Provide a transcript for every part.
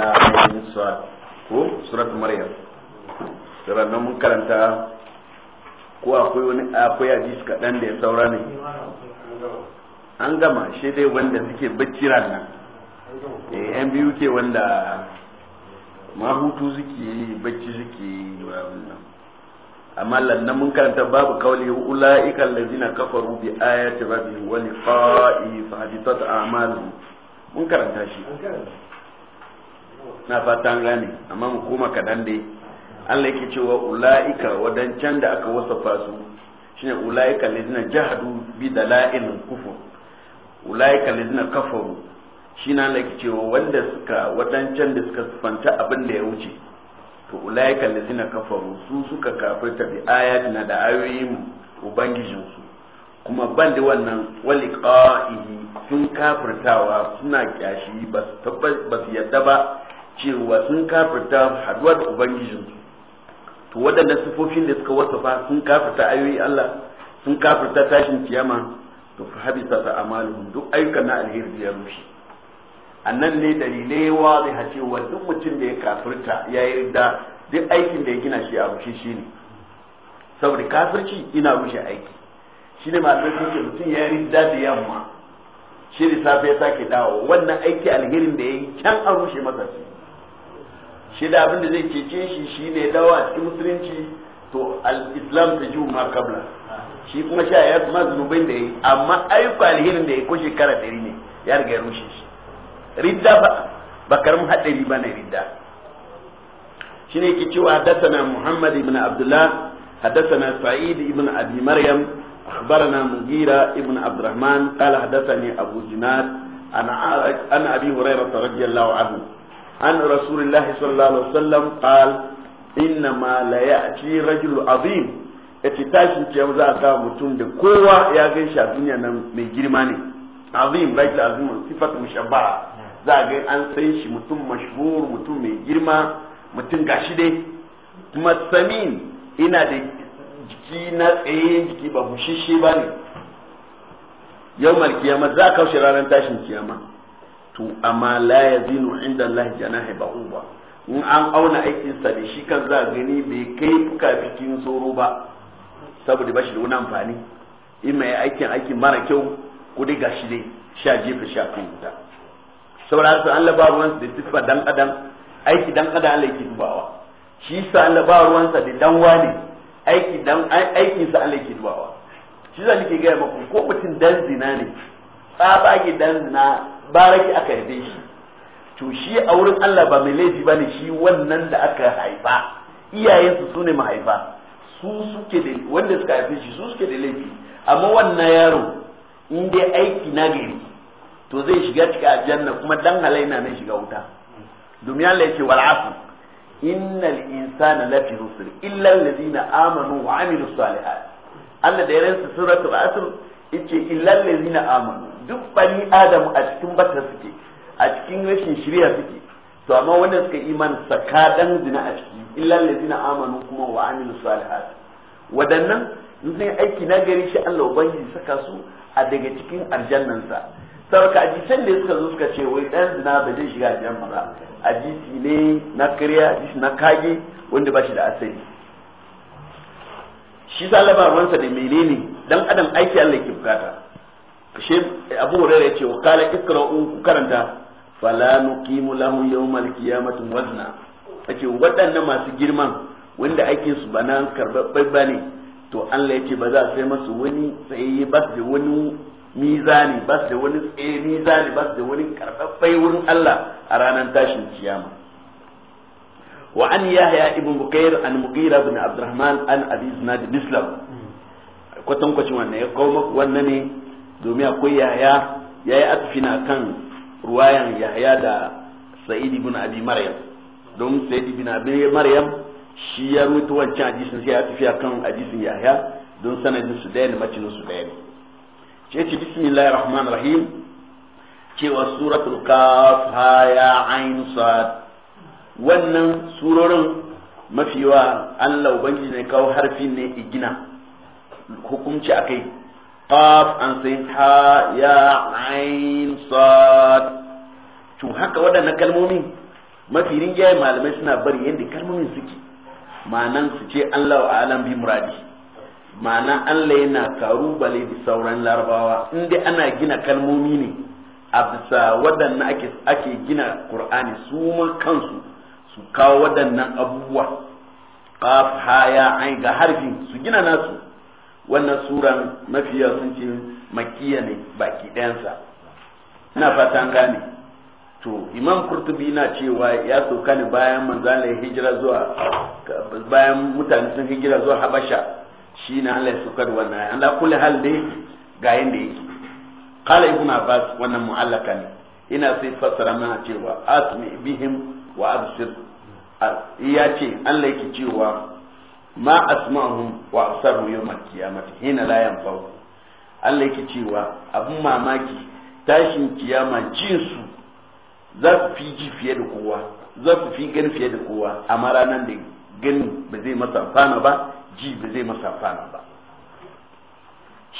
ta ainihin surat ko surat maryam nan mun karanta ko akwai wani akwai hadisi kaɗan da ya saura ne an gama shi dai wanda suke bacci ranar eh yan biyu ke wanda ma hutu suke yi bacci suke yi wannan amma lannan mun karanta babu kauli ulaika allazina kafaru bi ayati rabbihim wa liqa'i fa haditat a'maluhum mun karanta shi na fatan gane amma mu koma kadan dai Allah yake cewa ula'ika wadancan da aka wasafa su shine ula'ika ladina jahadu bi dalailin kufur ula'ika ladina kafaru shine Allah yake cewa wanda suka wadancan da suka fanta abin da ya wuce to ula'ika ladina kafaru su suka kafirta bi na da ayoyin ubangijin su kuma ban da wannan waliqa'ihi sun kafirtawa suna kyashi ba su yadda ba cewa sun kafirta haduwa da su, to waɗannan sifofin da suka wasafa sun kafirta ayoyi Allah sun kafirta tashin kiyama to fa habisa ta amalun duk ayyukan na alheri ya rushe annan ne dalilai waziha cewa duk mutum da ya kafirta ya yi duk aikin da ya gina shi a rushe shi ne saboda kafirci ina rushe aiki shi ne malamai sun ce mutum ya yi da yamma shi ne safe ya sake dawo wannan aiki alherin da ya yi can an rushe masa shi shi da abin da zai cece shi shi ne dawa cikin musulunci to al-islam ta ju ma kabla shi kuma sha ya kuma zunubin da yi amma ayyuka alherin da ya ko shekara ɗari ne ya riga ya rushe shi ridda ba ba karamin haɗari ba na ridda ne ke cewa haddathana muhammad ibn abdullah na sa'id ibn abi maryam أخبرنا mugira ابن عبد الرحمن قال حدثني Abu جناد عن أبي هريرة رضي الله عنه an rasulullahi sallallahu alaihi wasallam qal inna ma la ya'ti rajul tashin kiyama za a sa mutum da kowa ya gaishe a duniya na mai girma ne azim rajul azim sifatu mushabbaha za a ga an san shi mutum mashhur mutum mai girma mutum gashi dai kuma ina da jiki na tsaye jiki ba bushashe ba ne yau malkiyama za a kaushe ranar tashin kiyama to amma la yazinu inda Allah janahi ba'uba in an auna aikin sa da shi kan za gani bai kai fuka bikin tsoro ba saboda ba shi da wani amfani in mai aikin aikin mara kyau ko dai gashi ne, sha jefa sha kan wuta saboda su Allah ba ruwansa da sifa dan adam aiki dan adam Allah yake dubawa shi sa Allah ba ruwansa da dan wani aiki dan aikin sa Allah yake dubawa shi za nake ga muku ko mutum dan zina ne tsabage dan zina baraki aka haife shi to shi a wurin Allah ba mai laifi ba shi wannan da aka haifa iyayensu su ne mahaifa su suke da wanda suka haife shi su suke da laifi amma wannan yaro in dai aiki na gari to zai shiga cikin aljanna kuma dan halaina ne shiga wuta domin Allah yake wal afu innal insana lafi husr illa allazina amanu wa amilus salihat Allah da yaransu suratul asr yace illal ladina amanu duk bani adam a cikin batar suke a cikin rashin shirya suke to amma wanda suka iman sakadan zina a ciki illal ladina amanu kuma wa amilu salihat wadannan sun yi aiki na gari shi Allah ubangiji saka su a daga cikin aljannansa sarka ajisan da suka zo suka ce wai dan zina ba zai shiga aljanna ba ajisi ne na kariya ajisi na kage wanda ba shi da asali shi za Allah ba ruwansa da menene dan adam aiki Allah yake bukata kashe Abu Hurairah yace wa qala ikra ku karanta fala nuqimu lahu yawmal qiyamati wazna yace waɗannan masu girman wanda aikin su ba nan karbabbai ne? to Allah yace ba za a sai masu wani tsaye ba da wani mizani ba da wani tsaye mizani ba da wani karbabbai wurin Allah a ranar tashin kiyama Wa وعن يحيى ابن بكير عن مغيرة بن عبد الرحمن عن أبي زناد مسلم kwatan kwacin wannan ya kawo wannan ne domin akwai yahya ya yi atfina kan ruwayan yahya da sa'id ibn abi maryam don sa'id ibn abi maryam shi ya rubuta wancan hadisin sai ya tafi kan hadisin yahya don sanadin su daya ne macin su daya ne ce ce bismillahir rahmanir rahim cewa suratul kaf ha ya ain sad wannan surorin mafi yawa Allah ubangiji ne kawo harfi ne igina hukunci kai qaf an sai ha ya ain sad to haka waɗannan kalmomi mafi rinjaye malamai suna bari yadda kalmomin suke ma'anan su ce Allah wa alam bi muradi ma'ana Allah yana karubale da sauran larabawa inda ana gina kalmomi ne a bisa waɗannan ake gina Qur'ani su ma kansu su kawo waɗannan abubuwa qaf ha ya ain ga harfin su gina nasu wannan suran mafiya sun ce makiya ne baki ɗayansa ina fatan gane to imam kurtubi na cewa ya sauka ne bayan manzalin hijira zuwa bayan mutane sun hijira zuwa habasha shi na Allah ya wannan Allah kulli hal dai ga yanda yake qala ibn abbas wannan mu'allaka ne ina sai fassara mana cewa asmi bihim wa absir ya ce Allah yake cewa ma asma'uhum wa absaru yawmal qiyamati hina la yanfa'u Allah yake cewa abun mamaki tashin kiyama jin su za su fi ji fiye da kowa za su fi gani fiye da kowa amma ranar da gani ba zai masa fana ba ji ba zai masa fana ba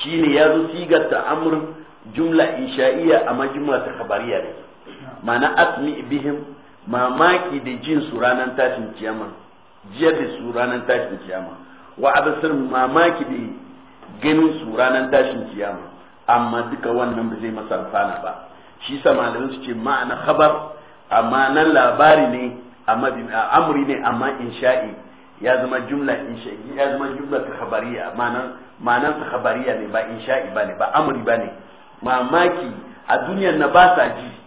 shine ya zo sigar ta'amur jumla insha'iyya amma jumla ta khabariya ne ma'ana asmi bihim mamaki da jin su ranar tashin kiyama jiya da su ranar tashin kiyama wa abasir mamaki da ganin su ranar tashin kiyama amma duka wannan ba zai masa amfana ba shi sa malamin su ce ma'ana khabar amma nan labari ne amma amri ne amma insha'i ya zama jumla insha'i ya zama jumla ta khabariya ma'anan ma'anar ta khabariya ne ba insha'i bane ba amri bane mamaki a duniyar na ba sa ji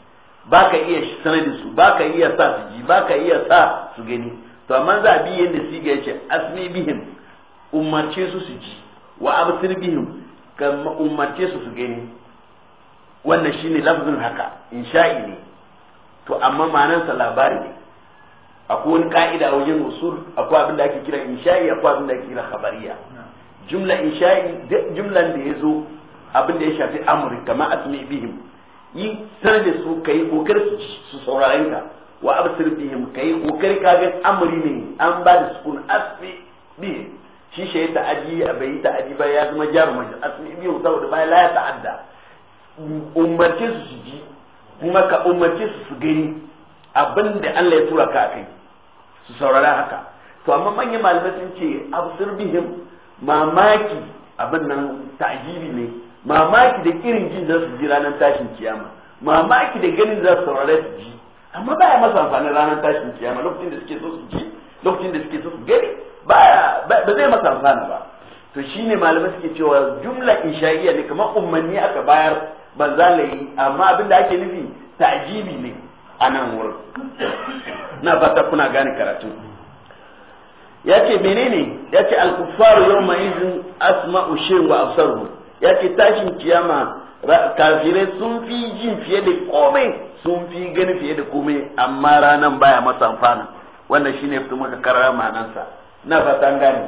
ba ka iya sanar da su ba ka iya sa su ji ba ka iya sa su gani to amma za a bi yadda su ga ce asmi bihim umarce su su ji wa absir bihim ka umarce su su gani wannan shine lafzin haka insha'i ne to amma sa labari ne akwai wani ka'ida wajen usul akwai abin da ake kira insha'i akwai abin da ake kira khabariya jumla insha'i jumlan da ya zo abin da ya shafi amri kama asmi bihim yi sar da su kai kokar su saurare ka wa absir bihim kai kokar ka ga amri ne an ba da sukun asbi bi shi shi ta aji bai ta aji ba ya zama jarumai asbi bi saboda bai la ya ta'adda umarci su su ji kuma ka umarci su su gani abinda Allah ya tura ka kai su saurara haka to amma manyan malamai sun ce absir bihim mamaki abin nan ta'jibi ne mamaki da irin jin za su ji ranar tashin kiyama mamaki da ganin za su saurare su ji amma baya masa amfani ranar tashin kiyama lokacin da suke so su ji lokacin da suke so su gani baya ba zai masa amfani ba to shine malamai suke cewa jumla insha'iyya ne kamar ummanni aka bayar banza layi amma abin da ake nufi ta'jibi ne a nan wurin na fata kuna gane karatu ya ce menene ya ce alkufaru yau mai izin asma'u shehu wa absaru ya ce tashin kiyama kafirai sun fi jin fiye da komai sun fi gani fiye da komai amma ranan baya masa amfana wannan shine fito maka karara manansa na fatan gane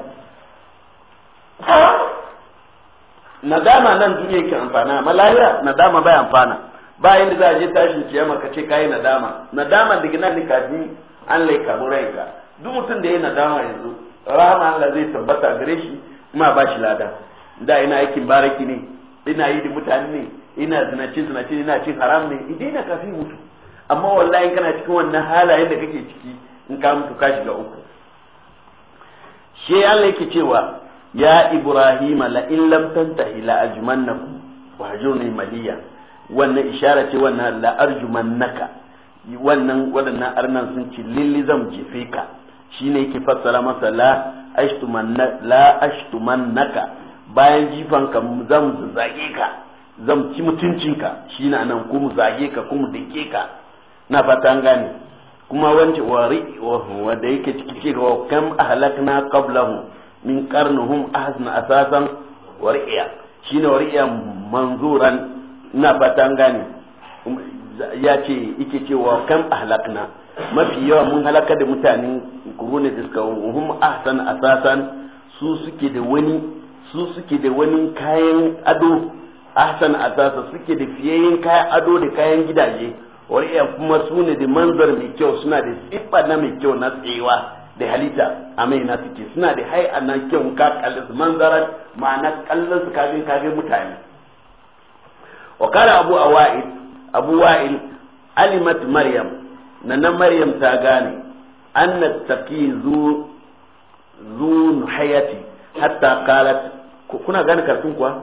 nadama nan duniya ke amfana amma lahira nadama baya amfana bayan da za a je tashin kiyama ka ce kayi nadama nadama daga nan ne kafin an laika ranka duk mutum da ya nadama yanzu rahama Allah zai tabbata gare shi kuma ba shi lada da ina aikin baraki ne ina yi da mutane ne ina zinace zinace ina cin haram ne idan ina kafin mutu amma wallahi kana cikin wannan halayen da kake ciki in ka mutu ka shiga uku shi Allah yake cewa ya Ibrahim la in lam tantahi la ajmannakum wa hajurni maliya wannan ishara ce wannan la arjumannaka wannan wadannan arnan sun ci lilli zan jefe ka shine yake fassara masa la ashtumanna la ashtumannaka bayan jifan ka zan zage ka zan ci mutuncinka shi na nan ko mu zage ka ko mu dake ka na fata an gane kuma wance wari wanda yake ciki ce wa kam ahlakna qablahum min qarnuhum ahsana asasan wari'a shine wari'a manzuran na fata an gane ya ce yake cewa kam ahlakna mafi yawa mun halaka da mutanen ne da suka hum ahsan asasan su suke da wani su suke da wani kayan ado ahsan asasa suke da fiyayyen kayan ado da kayan gidaje wariya kuma su ne da manzar mai kyau suna da siffa na mai kyau na tsayewa da halitta a mai na suke suna da hai na kyau ka kalli su manzarar ma'ana kallon su kafin kafin mutane wa kara abu a wa'il abu wa'il alimat maryam na na maryam ta gane an na tafi zu zu hayati hatta kalat kuna gane karfin kuwa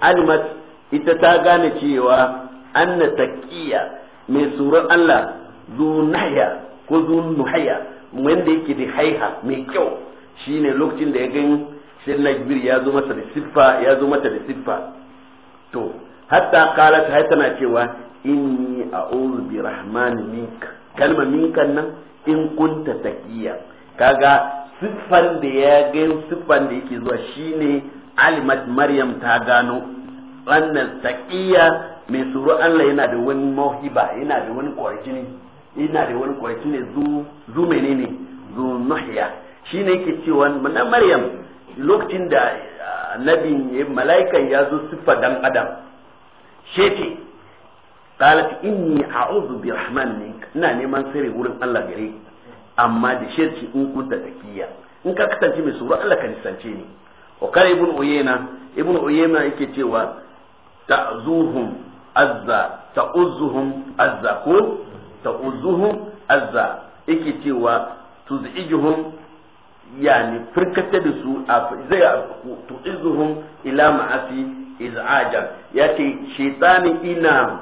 alimat ita ta gane cewa anna taqiya mai tsoron Allah zunaya ko zunuhaya wanda yake da haiha mai kyau shine lokacin da ya gani sai Najbir ya zo masa da siffa ya zo mata da siffa to hatta ta haita na cewa inni a'udhu bi rahman mink kalma minkan nan in kunta taqiya kaga siffan da ya ga siffan da yake zuwa shine alimat maryam ta gano wannan taqiya mai tsoro Allah yana da wani mauhiba yana da wani kwarjini yana da wani kwarjini zu zu menene zu nuhiya shine yake cewa na maryam lokacin da ah, nabin mala'ikan ya zo siffa dan adam shefe qalat inni a'udhu bi rahman mink ina neman sirri wurin Allah gare amma da shirki in kunta takiya in ka kasance mai tsoro Allah ka nisance ni wa kare ibn uyena ibn uyena yake cewa ta'zuhum azza ta'uzzuhum azza ko ta'uzzuhum azza yake cewa tuzijuhum yani firkata da su a zai tu'izuhum ila ma'asi iz'ajan yace shaytani ina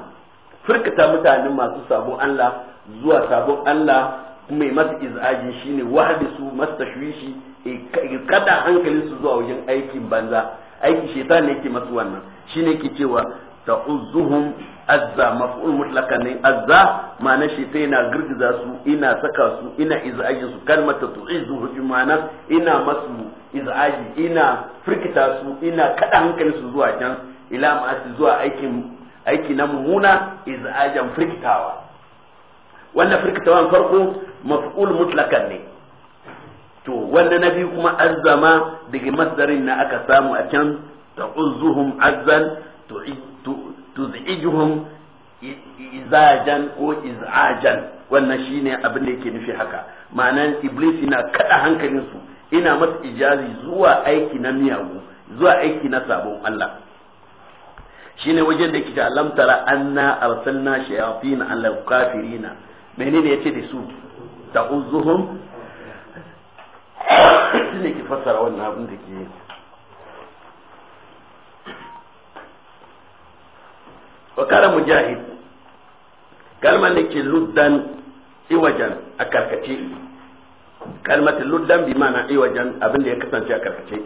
firkata mutane masu sabon Allah zuwa sabon Allah mai masa izajin shine wahda su shi kada hankalin su zuwa wajen aikin banza aiki shaitan ne yake masu wannan shine ke cewa uzuhun azza maf'ul mutlaqan ne azza ma'ana shaitan yana girgiza su ina saka su ina izajin su kalmata tu'izuhu bi ma'ana ina masu izaji ina firkita su ina kada hankalin su zuwa can ila ma'asi zuwa aikin aiki na mummuna izajan firkitawa wannan firkitawan farko maf'ul mutlakan ne to wanda na biyu kuma azzama daga masdarin na aka samu a can ta'uzzuhum azzan tuz'ijuhum izajan ko izajan wannan shine abin da yake nufi haka ma'anan iblis na kada hankalinsu ina masu ijazi zuwa aiki na miyagu zuwa aiki na sabon Allah shine wajen da yake ta anna arsalna shayatin al kafirina menene yace da su ta uzuhum ne ki fassara wannan abin da ke wa kala mujahid kalmar da ke luddan iwajan a karkace kalmatin luddan bi mana iwajan abin da ya kasance a karkace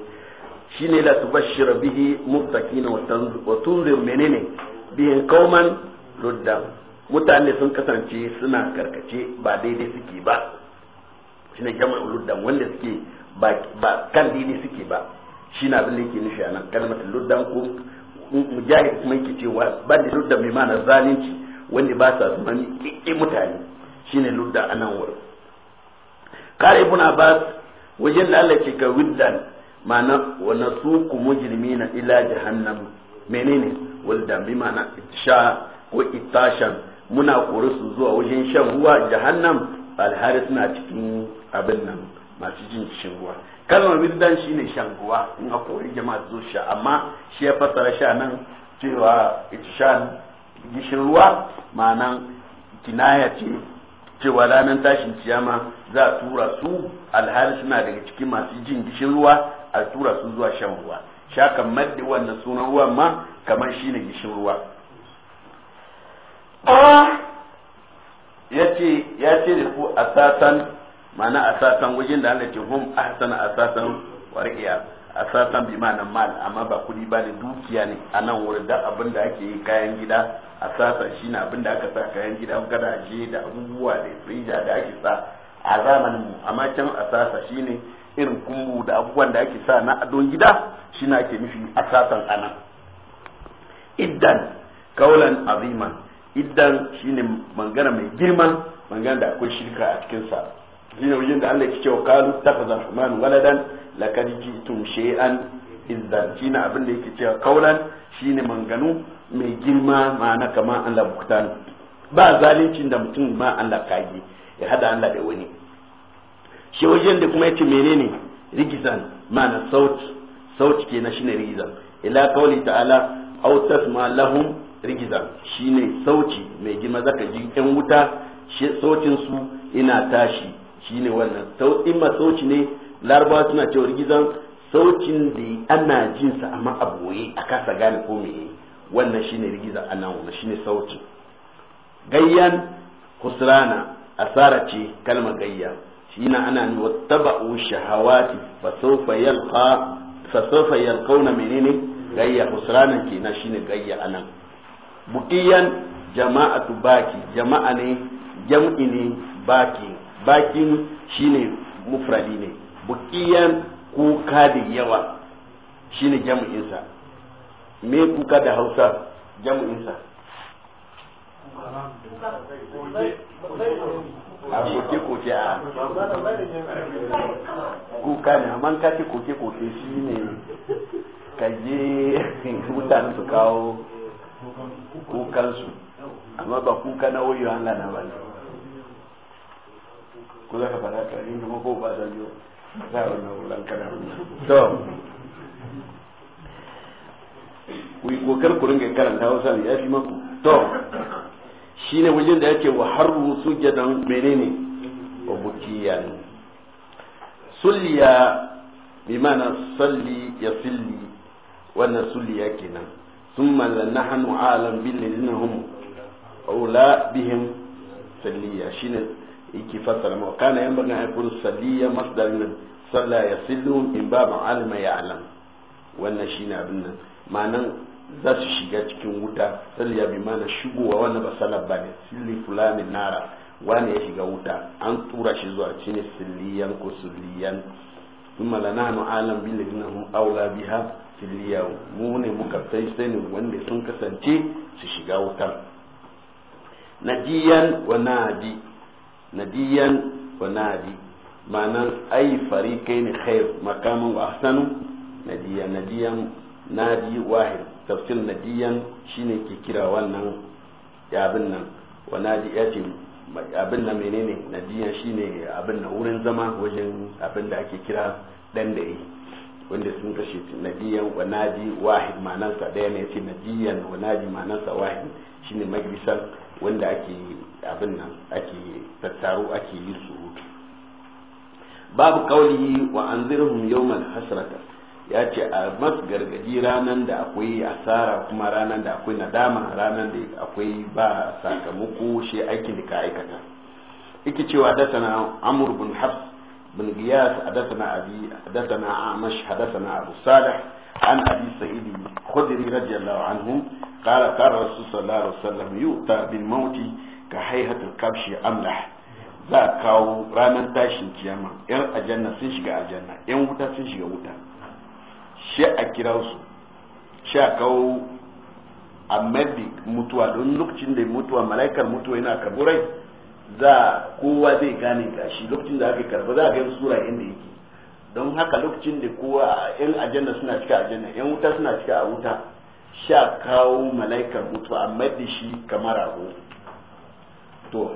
shine la tubashshira bihi mubtakina wa tunzir menene bihin qauman luddan mutane sun kasance suna karkace ba daidai suke ba shi ne jama'ul luddan wanda suke ba kan daidai suke ba shine abin da yake nufi nan kalmar luddan ko mujahid kuma yake cewa ba da luddan mai mana zalunci wanda ba sa zama ƙiƙƙi mutane shi shine ludda nan wurin kare ibn abbas wajen da Allah ke ka widdan ma'ana wa nasuku na ila jahannam menene wildan bi ma'ana sha ko itashan muna kore su zuwa wajen shan ruwa jahannam alhari suna cikin abin nan masu jin kishin ruwa kalmar shi ne shan ruwa in a kori jama'a zo sha amma shi ya fassara sha nan cewa shan gishin ruwa ma'anan kinaya ce cewa ranar tashin ciyama za a tura su alhali suna daga cikin masu jin gishin ruwa a tura su zuwa shan ruwa sha kan maddi wannan sunan ruwan ma kamar shi ne gishin ruwa yace ya ce da ku asatan ma'ana asatan wajen da Allah ke hum ahsana asatan warqiya asatan bi ma'ana mal amma ba kudi ba da dukiya ne a nan wurin da abin da ake yi kayan gida asatan shine abin da aka sa kayan gida je da abubuwa da tsija da ake sa a zamanin mu amma can asasa shine irin kumbu da abubuwan da ake sa na adon gida shine ake nufi asatan anan idan kaulan aziman iddan shine mangana mai girma mangana da akwai shirka a cikin sa shine wajen da Allah ya ce wa qalu takhadha man waladan laqad ji'tum shay'an iddan shine abin da yake cewa kaulan shine manganu mai girma ma'ana kama Allah buktan ba zalincin da mutum ma Allah kage ya hada Allah da wani shi wajen da kuma yace menene rigizan ma'ana sauti sauti kenan shine rigizan ila qawli ta'ala aw tasma lahum rigiza shine sauci mai girma zaka ji yan wuta saucin su ina tashi shine wannan in ma sauci ne larabawa suna cewa rigizan saucin da ana jinsa amma a boye a kasa gane ko me wannan ne rigiza nan wannan shine sauci gayyan kusurana asara ce kalmar gayya na ana ni wattaba'u shahawati fa sawfa yalqa fa sawfa yalqawna menene gayya kusrana kenan shine gayya nan. bukiyan jama'atu baki jama'a ne jam'i ne baki bakin shine mufradi ne bukiyan kuka da yawa shine jam'insa me kuka da hausa jam'insa a koke koke a kuka ne amma ka ce koke koke shine ka je mutane su kawo kukansu amma ba kuka na wayo Allah na ba ku ko za ka fara ka yi kuma ko ba zan biyo za a na wulan kana to ku yi kokar ku ringa karanta wasan ya fi maku to shine wajen da yake wa harru sujadan menene wa bukiyan sulliya bi mana salli ya silli wannan sulliya kenan ثم لنحن عالم بالذين هم أولى بهم سلية شين يكي فصل ما كان ينبغي أن يكون سلية مصدر من صلى يصلون إن باب علم يعلم وأن شين أبنى ما نن ذات shiga cikin وطا salliya bi mana shigowa wannan ba sallar فلان النار silli fulani وطا wani ya shiga wuta an tura shi ثم لنحن عالم بالذين هم أولى بها kiliya mu ne muka sai sanin wanda sun kasance su shiga wutan nadiyan wa nadi nadiyan wa nadi ma'anar ai farikai ne khair makamin wa ahsanu nadiyan nadiyan nadi wahid tafsir nadiyan shine ke kira wannan abin nan wa nadi ya ce abin nan menene nadiyan shine abin nan wurin zama wajen abin da ake kira dan da yi wanda sun kashe nadiyan wa nadi wahid manansa daya ne yace nadiyan wa nadi manansa wahid shine majlisan wanda ake abin nan ake tattaro ake yi surutu babu kauli wa anzirhum yawmal hasrata ya ce a mas gargadi ranar da akwai asara kuma ranan da akwai nadama ranar da akwai ba sakamako shi aikin da ka aikata yake cewa da sana amur bin hafs بن غياث حدثنا ابي حدثنا أعمش حدثنا ابو صالح عن ابي سعيد الخدري رضي الله عنه قال قال رسول الله صلى الله عليه وسلم يؤتى بالموت كحيحة الكبش املح za kawo ranar tashin kiyama yan aljanna sun shiga aljanna yan wuta sun shiga wuta shi a kira su shi a kawo a mutuwa don lokacin da mutuwa malaikar mutuwa yana karburai za kowa zai gane gashi lokacin da aka karba za a ga sura inda yake don haka lokacin da kowa yan ajanna suna cika ajanna yan wuta suna cika a wuta sha kawo mala'ikar mutu a da shi kamar abu to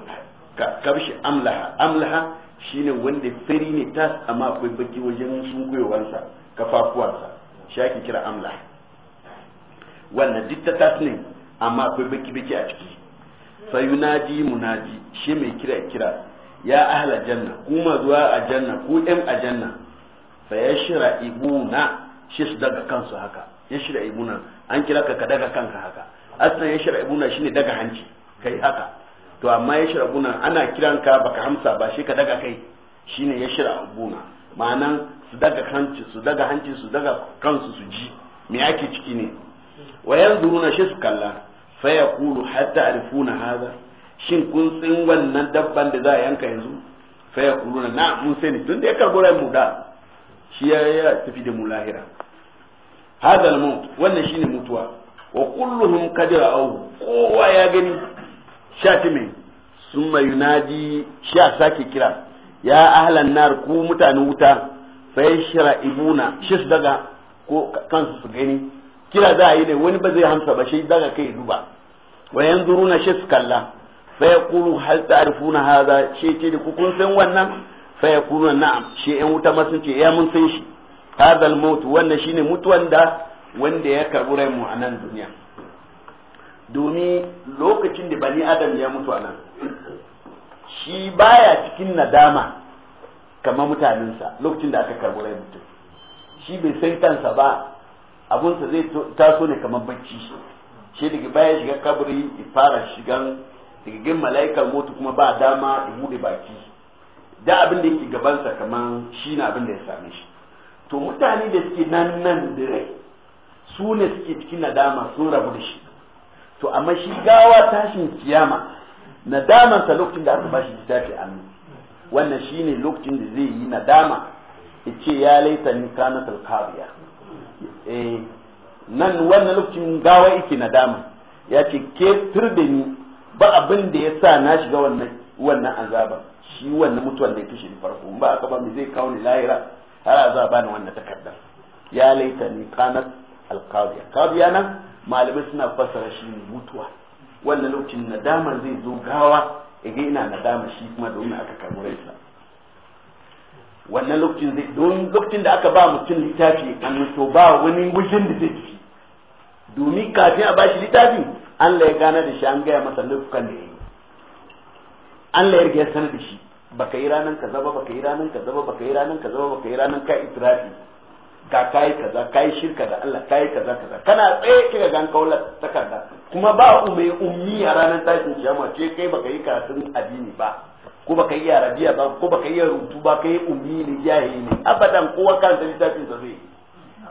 kabshi amlaha amlaha shine wanda fari ne tas amma akwai baki wajen sunkuyowansa kafafuwansa shi ake kira amlaha wannan duk ta tas ne amma akwai baki baki a ciki fayunadi munadi shi mai kira kira ya ahla janna kuma zuwa a janna ku yan a janna fa shira ibuna shi su daga kansu haka ya shira ibuna an kira ka ka daga kanka haka asan shira ibuna shine daga hanci kai haka to amma ya shira ibuna ana kiran ka baka hamsa ba shi ka daga kai shine shira ibuna ma'anan su daga hanci su daga hanci su daga kansu su ji me yake ciki ne wayan zuruna shi su kalla fa kulu hatta arifuna hada shin kun tsin wannan dabban da za a yanka yanzu fa kulu na mun sani tun da ya karbo rai mu da shi ya ya tafi da mu lahira hada al-maut wannan shine mutuwa wa kulluhum qadira aw kowa ya gani shatimin summa yunadi sha sake kira ya ahlan nar ku mutanen wuta fa yashra ibuna shis daga ko kansu su gani kira za a yi ne wani ba zai hamsa ba shi daga kai duba wa yanzuruna shi su kalla fa yaqulu hal ta'rifuna hadha shi ce da ku kun san wannan fa yaqulu na'am shi yan wuta ma sun ce ya eh, mun san shi hadha al maut wannan shine mutuwan da wanda ya karbi rai mu a nan duniya domin lokacin da bani adam ya mutu a nan shi baya cikin nadama kamar mutanensa lokacin da aka karbi rai mutum shi bai san kansa ba sa zai taso ne kamar bacci shi daga baya shiga kabari ya fara shigan gin mala'ikar motu kuma ba dama ya bude baki da abin da yake gabansa kamar shi na abin da ya same shi to mutane da suke nan nan dire su ne suke cikin nadama sun rabu da shi to amma shi gawa tashin kiyama nadamansa lokacin da aka ba shi littafi annu wannan shine lokacin da zai yi nadama ya ce ya laita ni kanatul kabiya Eh, nan wannan lokacin gawa yake nadama ya ce ke tur da ni ba abin da ya sa na shiga wannan wannan azaba shi wannan mutuwan da ya kishi farko ba aka ba mai zai kawo ni lahira har azaba ni wannan takardar ya laita ni kanat alqadiya qadiya nan malamai suna fassara shi mutuwa wannan lokacin nadama zai zo gawa idan ina nadama shi kuma domin aka karbi isa. wannan lokacin zai don lokacin da aka ba mutum littafi an to ba wani wajen da zai ci domin kafin a bashi littafi Allah ya gana da shi an gaya masa laifukan da ya yi Allah ya riga sanar da shi baka yi ranan kaza ba baka yi ranan kaza ba baka yi ranan kaza ba baka yi ranan ka itirafi ka kai kaza kai shirka da Allah kai kaza kaza kana tsaye kika ga kaula takarda kuma ba umai ummi a ranar tashin kiyama ce kai baka yi karatun addini ba ko baka yi arabiya ba ko baka yi rubutu ba kai ummi ne jahili ne abadan kowa karanta littafin sa zai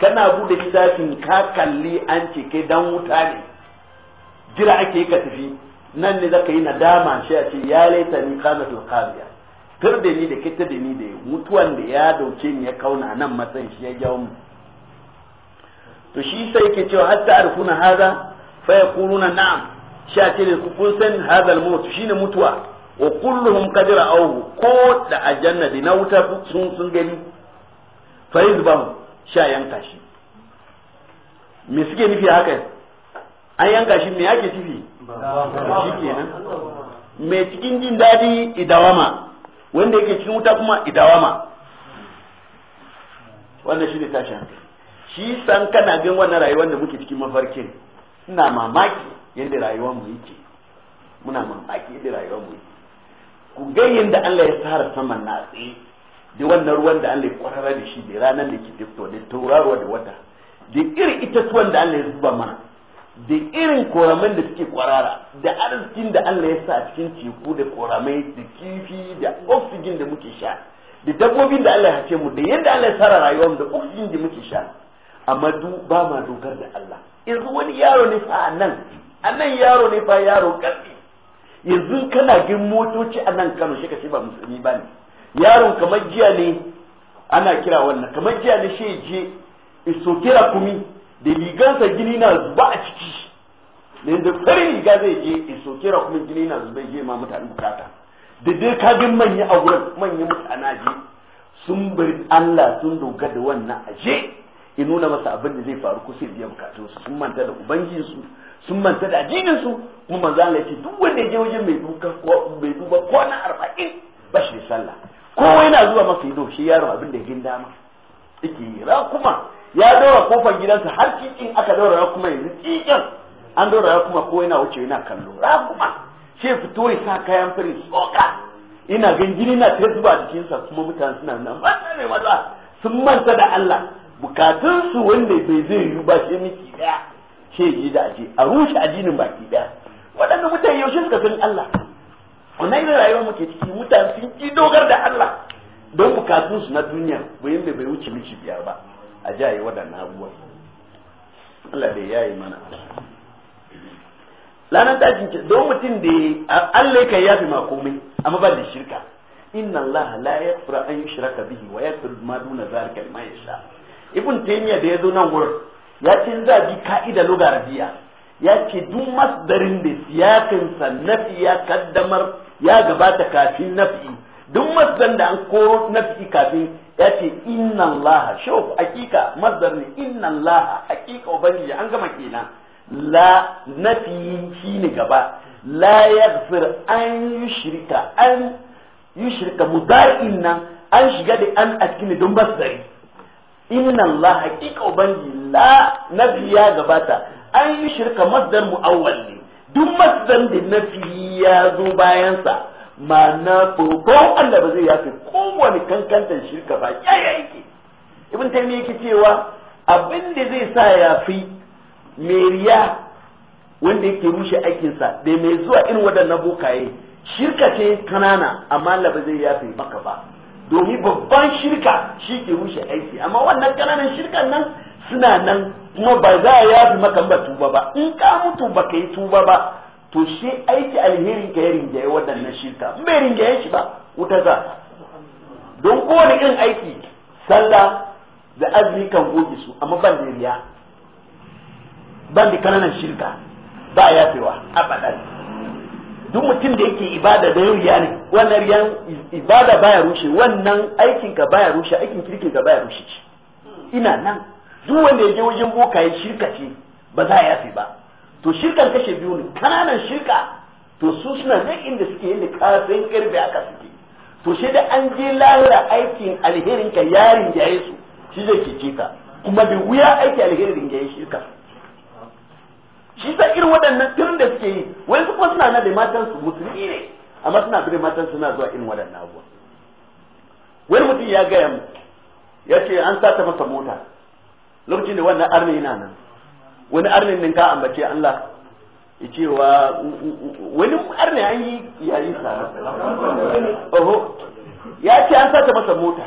kana bude littafin ka kalli an ce kai dan wuta ne jira ake ka tafi nan ne zaka yi nadama shi a ce ya laita ni qamatul qabiya tur da ni da kitta da ni da mutuwan da ya dauke ni ya kauna nan matsayin shi ya jawo mu to shi sai yake cewa hatta arfuna hada fa yaquluna na'am sha ce ne kun san hadal mutu shine mutuwa wa kulluhum qad ra'awhu ko da aljanna da na wuta sun sun gani fa yuzbahu sha yanka shi me suke nufi haka an yanka shi me yake tifi shi me cikin jin dadi idawama wanda yake cikin wuta kuma idawama wannan ne tashi hankali shi san kana gan wannan rayuwar da muke cikin mafarkin ina mamaki yadda rayuwar mu yake muna mamaki yadda rayuwar mu yake ku ga yadda Allah ya fara saman na tsaye da wannan ruwan da Allah ya kwarara da shi da ranar da ke fito da tauraruwa da wata da irin itatuwan da Allah ya zuba mana da irin koramin da suke kwarara da arzikin da Allah ya sa a cikin teku da koramai da kifi da oxygen da muke sha da dabbobin da Allah ya hace mu da yadda Allah ya tsara rayuwar da oxygen da muke sha amma du ba ma dogar da Allah yanzu wani yaro ne fa a nan a nan yaro ne fa yaro karfi yanzu kana gin motoci a nan Kano shi ka ce ba musulmi ba ne yaron kamar jiya ne ana kira wannan kamar jiya ne shi je iso kira kumi da rigansa gini na zuba a ciki da yanzu farin riga zai je iso kira kuma gini na zuba je ma mutane bukata da dai ka gin manya a wurin manya mutane je sun bari Allah sun doga da wannan aje in nuna masa abin da zai faru kusa biya bukatunsu sun manta da ubangijinsu sun manta da addinin su kuma manzo Allah duk wanda je wajen mai duka ko mai duba kwana 40 ba shi sallah kowa yana zuwa masa ido shi yaro abin da gin dama yake ra kuma ya dora kofar gidansa har cikin aka ra kuma yanzu cikin an ra kuma ko yana wuce yana kallo ra kuma sai fito ya sa kayan fari soka ina gan jini na ta zuba jikinsa kuma mutane suna nan ba ne maza sun manta da Allah bukatun su wanda bai zai yi ba shi miki daya ce je da aje a rushe addinin baki daya waɗanda mutane yaushe suka san Allah wannan irin rayuwar muke ciki mutane sun ki dogar da Allah don bukatun su na duniya bayan bai wuce miki biyar ba a jaye a waɗannan abubuwa Allah bai yayi mana lanar tashin don mutum da Allah kan yafi ma komai amma ba da shirka inna Allah la yaghfiru an yushraka bihi wa yaghfiru ma duna zalika liman yasha ibn taymiya da yazo nan gurin ya ce za bi ka'ida luga rabiya ya ce duk masdarin da siyakinsa nafi ya kaddamar ya gabata kafin nafi duk masdarin da an koro nafi kafin ya ce inna Allah shauf hakika masdar ne inna Allah hakika ubangiji an gama kenan la nafi shine gaba la yaghfir an yushrika an yushrika mudari'in nan an shiga da an a cikin don masdari inna Allah haqiqa ubangi la biya gabata an yi shirka masdar mu'awwal ne duk masdar da nafi ya zo bayansa sa ma'ana ko Allah ba zai yafi kowane kankantar shirka ba ya yake ibn taymi yake cewa abin da zai sa yafi meriya wanda yake rushe aikinsa da mai zuwa irin waɗannan bokaye shirka ce kanana amma Allah ba zai yafe maka ba domin babban shirka shi ke rushe aiki amma wannan kananan shirkan nan suna nan kuma ba za a yafi maka ba tuba ba in ka mutu ba ka yi tuba ba to shi aiki alherin ka ya rinjaye waɗannan shirka in bai rinjaye shi ba wuta za don kowane irin aiki sallah da azumi kan goge su amma ban da riya ban da kananan shirka ba a yafewa a faɗa duk mutum da yake ibada da yau wannan riyan ibada baya rushe wannan aikin ka baya rushe aikin kirkin ka baya rushe ina nan duk wanda ya je wajen ya shirka ce ba za a yafe ba to shirkan kashe biyu ne kananan shirka to su suna zai inda suke yin kafin karbe aka suke to shi da an je lahira aikin alherin ka yarin jaye su shi zai ke ka kuma da wuya aiki alherin jaye shirka shi sa irin waɗannan tirin da suke yi wai su kuma suna na da matan su musulmi ne amma suna da matan suna zuwa irin waɗannan abuwa wani mutum ya gaya mu ya ce an sata masa mota lokacin da wannan arni yana nan wani arni nin ka ambace Allah ya ce wa wani arni an yi yayi sa oho ya ce an sata masa mota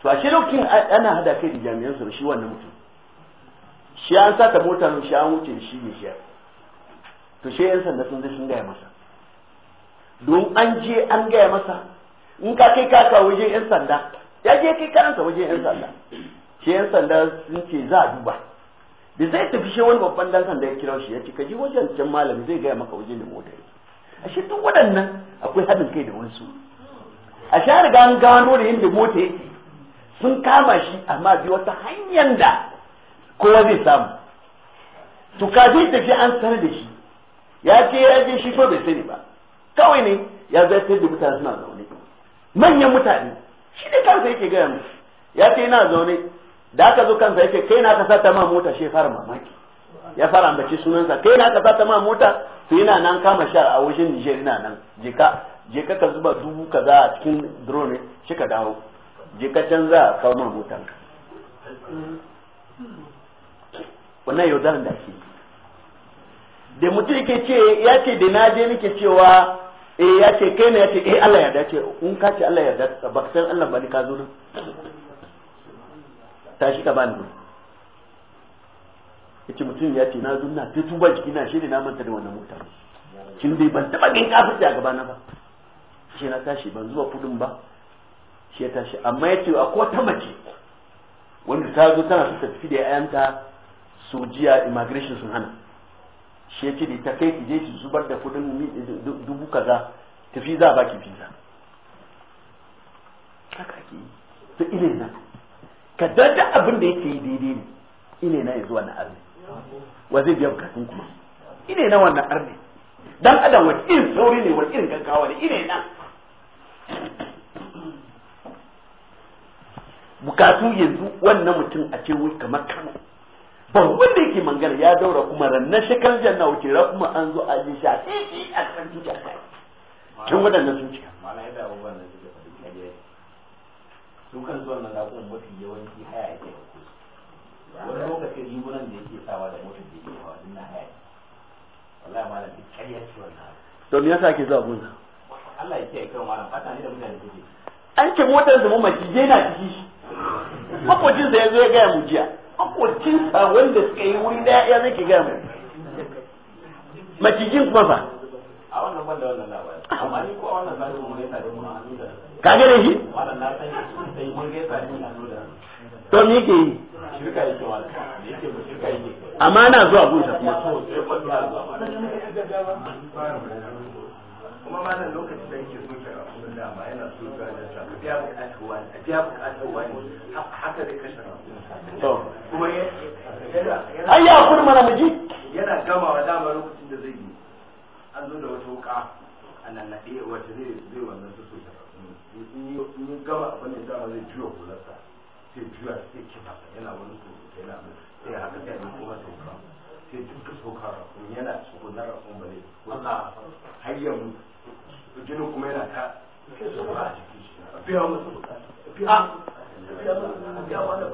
to a shi lokacin ana hada kai da jami'an su shi wannan mutum shi an sata motar shi an wuce shi ne shi to shi yan sanda sun zai sun gaya masa don an je an gaya masa in ka kai kaka wajen yan sanda ya je kai karansa wajen yan sanda shi yan sanda sun ce za a duba da zai tafi shi wani babban dan sanda ya kira shi ya ce ka ji wajen can malami zai gaya maka wajen da mota yake ashe duk waɗannan akwai haɗin kai da wasu a sha riga an gano da yadda mota yake sun kama shi amma bi wata hanyar da kowa zai samu to kafin tafi an sanar da shi ya ce ya je shi to bai sani ba kawai ne ya zai da mutane suna zaune manyan mutane shi ne kansa yake gaya musu ya ce yana zaune da aka zo kansa yake kai na ka ta ma mota shi fara mamaki ya fara ambaci sunansa kai na ka ta ma mota to yana nan kama sha a wajen Niger ina nan jeka jeka ka zuba dubu kaza a cikin drone shi ka dawo jeka can za ka kawo ma wannan yaudaran da ake da mutum yake ce ya ce da na je nake cewa eh ya ce kai ne ya ce eh Allah ya dace in ka ce Allah dace ba san Allah ba ni ka zo nan tashi ka bani yace mutum ya ce na zo na ta tuba jiki na shi ne na manta da wannan mota kin dai ban taba gin kafin a gaba na ba shi na tashi ban zuwa kudin ba shi ya tashi amma ya ce akwai ta mace wanda ta zo tana tafi da ayanta sojiya jiya immigration sun hana shi ya da ta kai je ki zubar da kudin dubu kaza tafi za baki visa haka ke yi to ile nan ka dada abin da yake yi daidai ne ile na zuwa na arni wa zai biya bukatun kuma ile na wannan arni dan adam wa irin sauri ne wa irin gaggawa ne ile na bukatu yanzu wannan mutum a ce wai kamar kano ba wanda yake mangana ya daura kuma rannan shekar janna wuce ra kuma an zo an yi sha titi a kan tuta kai kin wadannan sun cika malai da abubuwan da suke faɗi su kan zuwa nan da kuma mafi yawanci haya yake wani lokacin rigunan da yake sawa da motar da yake hawa din na haya wallahi malam duk ƙaryar ciwon na to me yasa ke zuwa gunsa Allah ya kai kan malam fata ne da mutane suke an ce motar su mu maciji na ciki makwacin sa yazo ya ga mu jiya sa wanda suka yi wuri da ya zai ke gaya mu kuma fa a wannan ban da wannan labarin amma ni ko a wannan zai mun gaisa da mun da ka shi na sai mun gaisa da mun to me yake yi shirka yake wannan yake mu shirka yake amma na zuwa gunta kuma to sai zuwa kuma ma nan lokaci da yake zuwa yana so da ta ya wani haka da kashe ai mana yana gama wa dama lokacin da zai yi an zo da wata wuka a nan naɗe wacce zai zai wannan su sosai in yi gama abin da dama zai juya hularsa sai juya sai kifa yana wani sosai yana mai sai haka sai yi kuma sauka sai duka sauka rafin yana tsugunar rafin ba ne wanda har yanzu jinin kuma yana ta sauka a jikin shi a biya a biya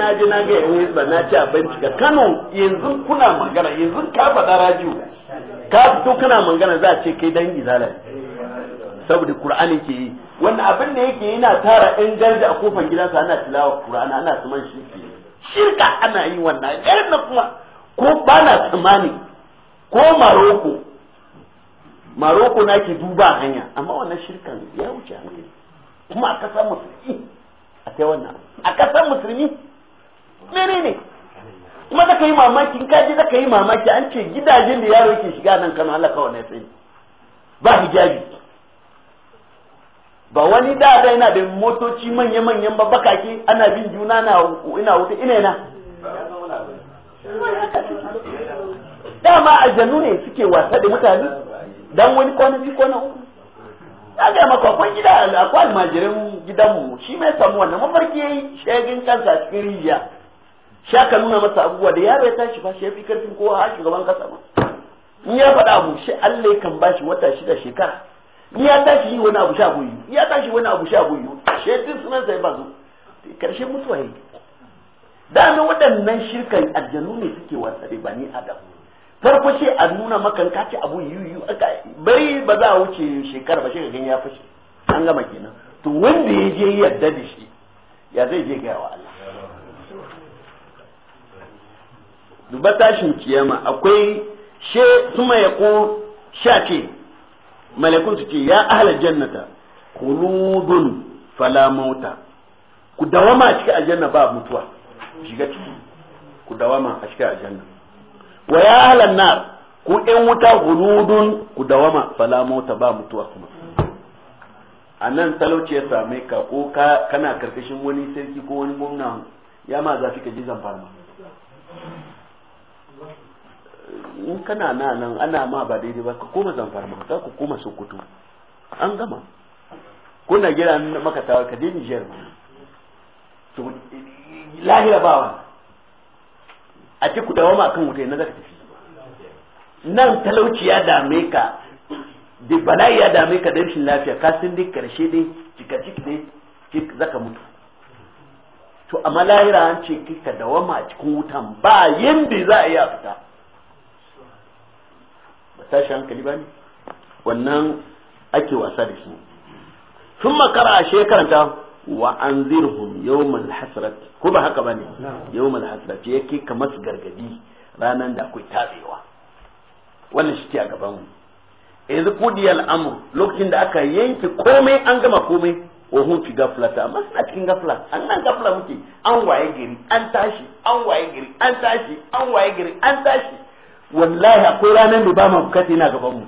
na je na ga yan ba na ci a bincika Kano yanzu kuna magana yanzu ka faɗa radio ka fito kana magana za a ce kai dan gizala saboda Qur'ani ke yi wannan abin da yake yana tara ɗan garda a kofar gidansa ana tilawa Qur'ani ana suman shi ke shirka ana yi wannan garin kuma ko ba na tsammani ko Maroko Maroko na ke duba hanya amma wannan shirkan ya wuce hankali kuma a kasar musulmi a kai wannan a kasar musulmi menene kuma zaka yi mamaki in kaji zaka yi mamaki an ce gidajen da yaro yake shiga nan Kano Allah kawai ne sani ba hijabi ba wani da da yana da motoci manya manyan ba bakake ana bin juna na ina wuta ina ina dama janu ne suke wasa da mutane dan wani kwanaki ko na uku ya ga maka akwai gida akwai almajirin gidanmu shi mai samu wannan mafarki yi shagin kansa cikin rijiya shi aka nuna masa abubuwa da yaro ya tashi ba shi ya fi karfin kowa har shugaban kasa ma in ya faɗa abu shi Allah kan ba shi wata shida shekara in ya tashi yi wani abu sha goyi in ya tashi wani abu sha goyi shi duk sunan sai ba zo karshe mutuwa yi da na waɗannan shirkan aljanu ne suke wasa da ba ni adam farko shi a nuna maka ka ci abu yiwu aka bai ba za a wuce shekara ba shi gani ya fashe an gama kenan to wanda ya je yadda da shi ya zai je gaya wa Allah duba tashin kiyama akwai she suma ya ko sha ce malakun su ce ya ahalar jannata kuludun fala mauta ku dawama a cikin aljanna ba mutuwa shiga ciki ku dawama a cikin aljanna wa ya ahalar nar ku in wuta huludun ku dawama fala mauta ba mutuwa kuma a nan talauci ya same ka ko kana karkashin wani sarki ko wani gwamna ya ma zafi ka ji zan farma in kana na nan ana ma ba daidai ba ka koma zamfara ma ka ku koma sokoto an gama ko na gira maka tawa ka dai Niger ma to lahira ba wa a ce ku dawo ma kan wuta na zaka tafi nan talauci ya dame ka da bala'i ya dame ka da rashin lafiya ka san dai karshe dai cika ciki dai ki zaka mutu to amma lahira an ce kika dawama cikin wutan ba yanda za a yi a fita tashi hankali ba ne wannan ake wasa da shi sun makara a shekaranta wa an zirhum yawmal hasrat ko ba haka ba ne yawmal hasrat yake kamar su gargadi ranar da akwai tarewa wannan shi ke a gaban mu yanzu kudiyal amur lokacin da aka yanke komai an gama komai wa hun fi ta amma suna cikin gafla an nan gafla muke an waye gari an tashi an waye gari an tashi an waye gari an tashi wallahi akwai ranar da ba mu bukata gaban mu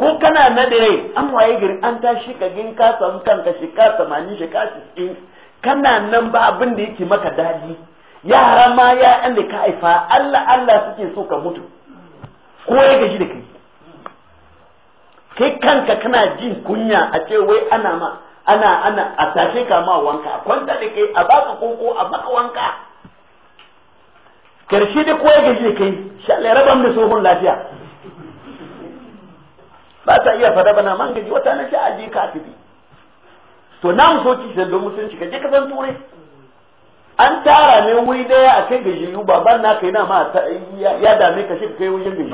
ko kana na da rai an waye gari an tashi ka gin ka samu kanka shekara tamanin shekara sittin kana nan ba abin da yake maka daji yara ma ya'yan da ka haifa Allah Allah suke so ka mutu ko ya gaji da kai kai kanka kana jin kunya a ce wai ana ma ana ana a tashe ka ma wanka kwanta da kai a baka koko a baka wanka karshe da koya gaji da kai sha Allah raba mu da tsohon lafiya ba ta iya fada bana man gaji wata na sha je ka tafi to na so soki sai don musulunci ka je ka san Ture. an tara ne wuri daya a kai gaji gajiyu baban na kai na ma ya dame ka shi kai wuri gaji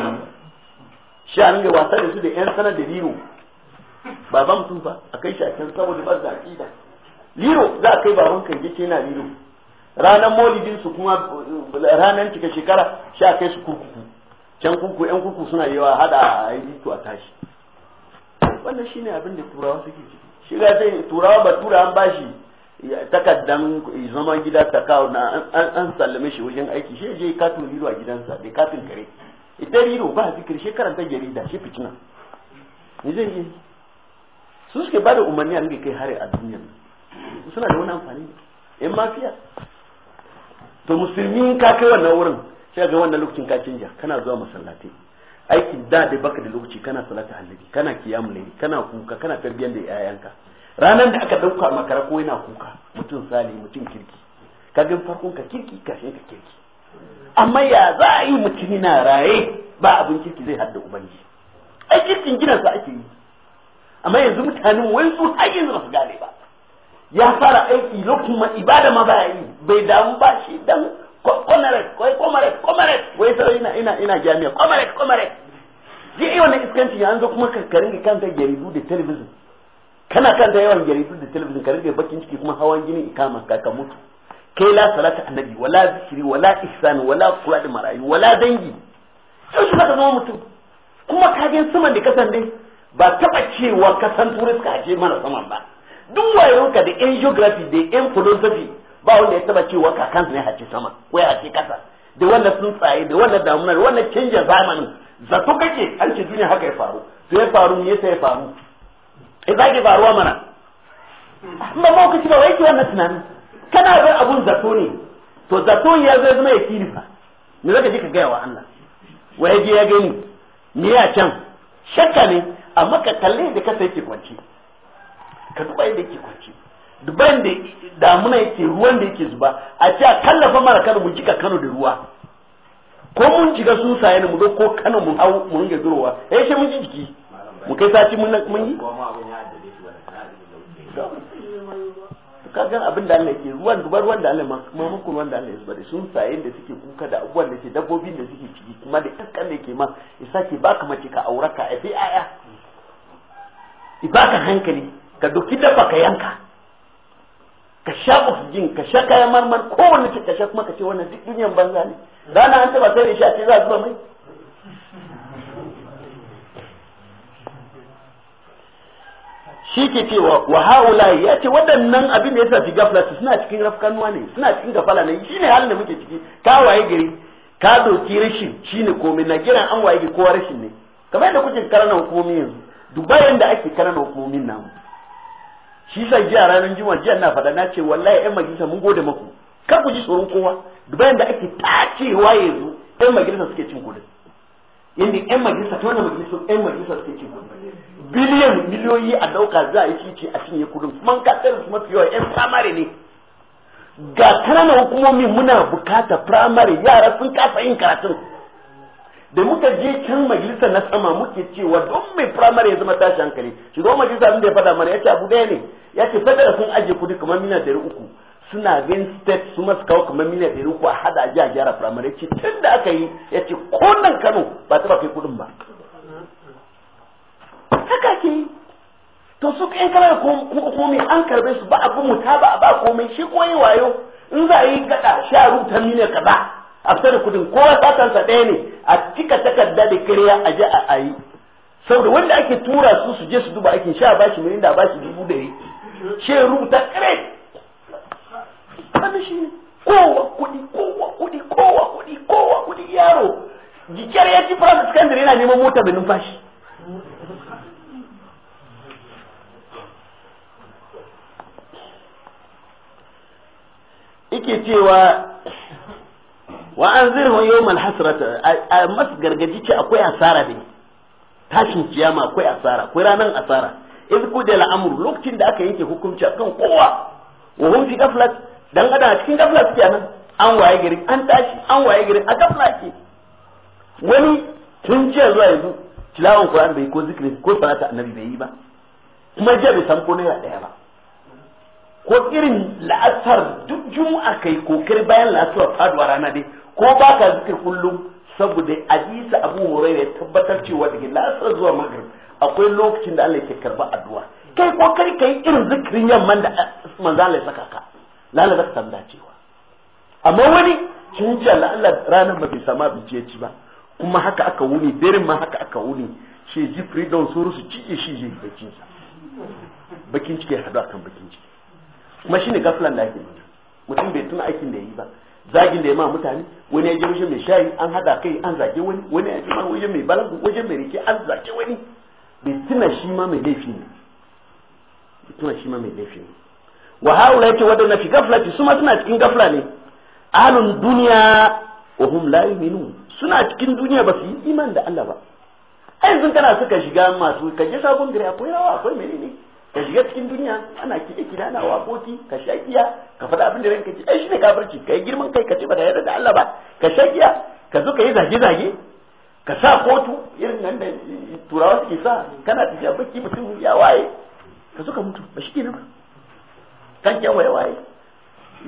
shi an ga wasa da su da yan sanar da liro baban tufa a kai shi a can saboda ba za a liro za a kai baban kan je na liro ranar molidin su kuma ranar cika shekara sha kai su kurkuku can kuku yan kuku suna yawa hada a yi to a tashi wannan shine abin da turawa suke ciki shi ga sai turawa ba tura an bashi takaddan zama gida ta kawo na an sallame shi wajen aiki shi je katin riro a gidansa da katin kare ita riro ba zikir shi karanta jarida shi fitina ni zai yi su suke ba da umarni a rike kai hari a duniya suna da wani amfani in 'yan mafiya to musulmi ka kai wannan wurin sai ga wannan lokacin ka canja kana zuwa masallatai aikin da da baka da lokaci kana salata annabi kana kiyamu kana kuka kana tarbiyyar da yayanka ranan da aka dauka makara ko yana kuka mutum sali mutum kirki ka ga farkon ka kirki sai ka kirki amma ya za a yi mutum na raye ba abin kirki zai hadda ubangi. ai kirkin gidansa ake yi amma yanzu mutanen wai su har yanzu gane ba ya fara aiki lokacin ma ibada ma baya yi bai damu ba shi dan komaret wai komaret komaret wai sai ina ina ina jami'a komaret komaret ji yi wannan iskanci ya zo kuma ka kanta jaridu da television kana kanta yawan jaridu da television ka bakin ciki kuma hawan jini ikama ka ka mutu kai la salata annabi wala zikiri wala ihsan wala kula da marayu wala dangi sai shi ka zama mutum kuma ka gani saman da kasan dai ba taba cewa kasan turiska ka je mana saman ba duk ka da in geography da in philosophy ba wanda ya taba cewa kakan ne hace sama ko ya hace kasa da wannan tsuntsaye da wannan damuna da wannan canjin zamanin zato kake an ce duniya haka ya faru to ya faru ne sai ya faru eh ki faruwa mana amma ba ku ci ba wai ki wannan tunanin kana ga abun zato ne to zato ya zai zama ya kini fa me zaka ji ka gaya wa Allah wai je ya gani ne ya can shakka ne amma ka kalle da ka sai ki kwanci ka duba yadda yake kwanci duban da damuna yake ruwan da yake zuba a ce a kallafa mara kano mu jika kano da ruwa ko mun shiga sun saye ne mu zo ko kano mun hau mu ringa durowa eh sai mun ji jiki mu kai sati mun mun yi kaga abin da Allah yake ruwan dubar ruwan da Allah ma kun ruwan da Allah ya sun saye da suke kuka da abubuwan da ke dabbobin da suke ciki kuma da iskan da ke ma ya sake baka mace ka auraka a fi aya ibaka hankali ka duki dafa ka yanka ka sha oxygen ka sha kayan marmar kowanne ka sha kuma ka ce wannan duk duniyan banza ne rana an taba sai da shi a ce za a zuba mai shi ke cewa wa haula ya ce waɗannan abin da ya sa fi gafla suna cikin rafkanuwa ne suna cikin gafala ne ne halin da muke ciki ka waye gari ka doki rashin shi ne komai na kiran an waye kowa rashin ne kamar yadda kuke karana hukumomi yanzu bayan da ake karana hukumomin namu shi sa jiya ranar juma jiya na faɗa na ce wallahi yan majalisa mun gode maku kar ku ji tsoron kowa bayan da ake tacewa yanzu yan majalisa suke cin kuɗi inda yan majalisa ta wannan majalisa yan majalisa suke cin kuɗi biliyan miliyoyi a dauka za a yi cici a cinye kudin kuma ka tsare su mafi yawa ƴan samare ne ga kananan hukumomi muna bukata firamare yara sun kasa yin karatun da muka je can majalisa na sama muke cewa don mai firamare ya zama tashi hankali shi zo majalisa abin da ya fada mana ya ce abu ɗaya ne ya ce fadar sun ajiye kudi kamar miliyan ɗari uku suna gain state su masu kawo kamar miliyan ɗari uku a hada aji a gyara firamare ce tun da aka yi ya ce ko nan kano ba taɓa kai kudin ba haka ke yi to su ƴan kanar komai an karbe su ba a abu ta ba ba komai shi ko yi wayo in za a yi gada sha rubuta miliyan kaza a fita da kudin kowa satansa ɗaya ne a cika takarda da kariya a je a ayi saboda wanda ake tura su su je su duba ake sha bashi mai da shi dubu da ce rubuta kare kada shi ne kowa kudi kowa kudi kowa kudi kowa kudi yaro jikiyar ya ci fara sakandare yana neman mota da numfashi ike cewa wa an zirhu yawmal hasrata a mas gargaji ce akwai asara ne tashin kiyama akwai asara akwai ranan asara ku da amru lokacin da aka yanke hukunci akan kowa wa hum fi gaflat dan adam cikin gaflat ke nan an waye gari an tashi an waye gari a gaflat ke wani tun jiya zuwa yanzu tilawan Qur'an bai ko zikiri ko salata annabi bai yi ba kuma jiya bai san ko ne daya ba ko irin la'asar duk juma'a kai kokari bayan la'asar faduwa rana dai ko ba ka zikir kullum saboda hadisi abu hurairah ya tabbatar cewa daga lasar zuwa maghrib akwai lokacin da Allah yake karba addu'a kai ko kai kai irin zikirin yamman da manzo Allah ya saka ka lalaba ka san dacewa amma wani kin ji Allah ranar ba bai sama abinci ya ci ba kuma haka aka wuni daren ma haka aka wuni shi ji freedom su rusu ci shi ji bakin sa bakin ciki ya hadu akan bakin ciki kuma shine gaflan da ake mutum bai tuna aikin da yi ba zagin da ya ma mutane wani ya je wajen mai shayi an hada kai an zage wani wani ya je ma wajen mai balagu wajen mai rike an zage wani bai tuna shi ma mai laifi ne bai tuna shi ma mai laifi ne wa haula yake na fi gaflati su ma suna cikin gafla ne ahlun duniya wa hum la yu'minun suna cikin duniya ba su yi iman da Allah ba ai yanzu kana suka shiga masu kaje sabon gari akwai rawa akwai menene ka shiga cikin duniya ana kike kida na wakoki ka sha giya ka faɗa abin da ranka ce ai shi ne kafirci kai girman kai ka ce ba da yarda da Allah ba ka sha giya ka zo ka yi zage zage ka sa kotu irin nan da turawa suke sa kana tafiya baki mutum ya waye ka zo ka mutu ba shi kenan ba kan kyan waye waye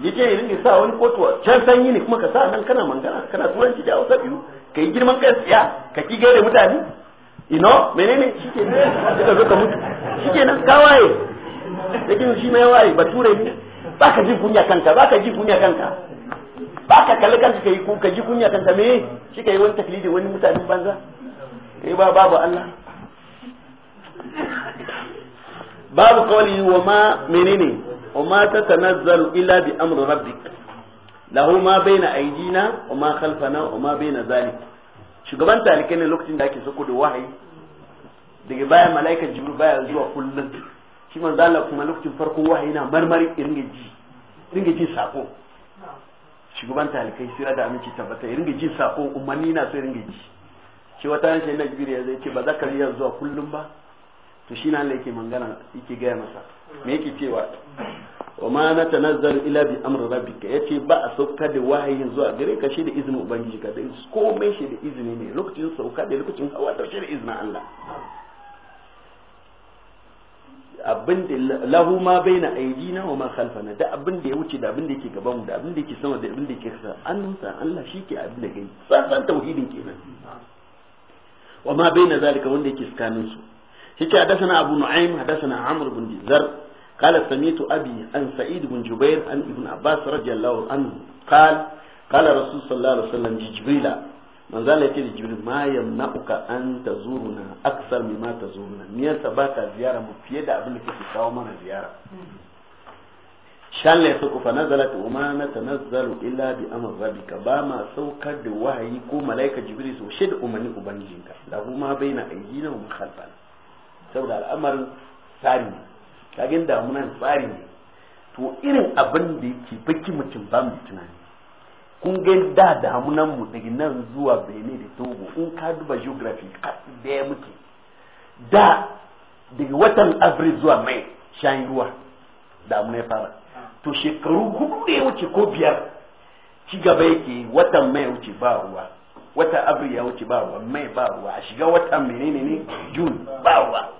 ya ce irin sa wani kotu can sanyi ne kuma ka sa nan kana mangana kana turanci da hausa biyu ka yi girman kai tsiya ka ki gaida mutane ino menene shike ne suka zo ka mutu shike nan ka waye lakin shi mai waye bature ne ka ji kunya kanka ka ji kunya kanka baka kalli kanka kai ku ka ji kunya kanka me shike yi wani taklidi wani mutanen banza kai eh, ba babu Allah babu kawali wa ma menene wa ma tatanazzalu illa bi amri rabbik lahu ma baina aydina wa ma khalfana wa ma baina zalika shugaban talikai ne lokacin da ake sako da wahayi daga baya mala'ika jibril baya zuwa kullum shi man Allah kuma lokacin farko wahayi na marmari iringa ji iringa ji sako shugaban talikai sira da aminci tabbata iringa ji sako umarni na so iringa ji shi wata ran na jibril ya zai ce ba za ka riya zuwa kullum ba to shi na Allah yake mangana yake gaya masa me yake cewa wa ma na tanazzal ila bi amri rabbika yace ba a sauka da wahayi zuwa gare ka shi da izinin ubangiji ka da komai shi da izini ne lokacin sauka da lokacin hawa da shi da izinin Allah abin da lahu ma baina aidina wa ma khalfana da abin da ya wuce da abin da yake gaban mu da abin da yake sama da abin da yake kasa an san Allah shi ke abin da gani sabon tauhidin kenan wa ma baina zalika wanda yake tsakanin su shi ke hadasana abu nu'aym hadasana amr bin dizar قال سميت أبي عن سعيد بن جبير عن ابن عباس رضي الله عنه قال قال رسول صلى الله عليه وسلم لجبريل من ذا لك لجبريل ما يمنعك أن تزورنا أكثر مما تزورنا مية سباك زيارة مفيدة قبل كتاو من زيارة شان ليسك فنزلت وما نتنزل إلا بأمر ربك باما سوكا وهي كو ملائكة جبريل وشد أمني أبنجينك له ما بين أيدينا ومخلفنا خلفنا سوى الأمر ثاني kagin damunan tsari ne to irin abin da yake baki mutum ba mu tunani kun ga da damunan mu daga nan zuwa Benin da Togo in ka duba geography da ya muke da daga watan April zuwa Mai shan ruwa damuna ya fara to shekaru hudu da ya wuce ko biyar ci gaba yake watan Mai wuce ba ruwa watan April ya wuce ba ruwa Mai ba ruwa a shiga watan menene ne June ba ruwa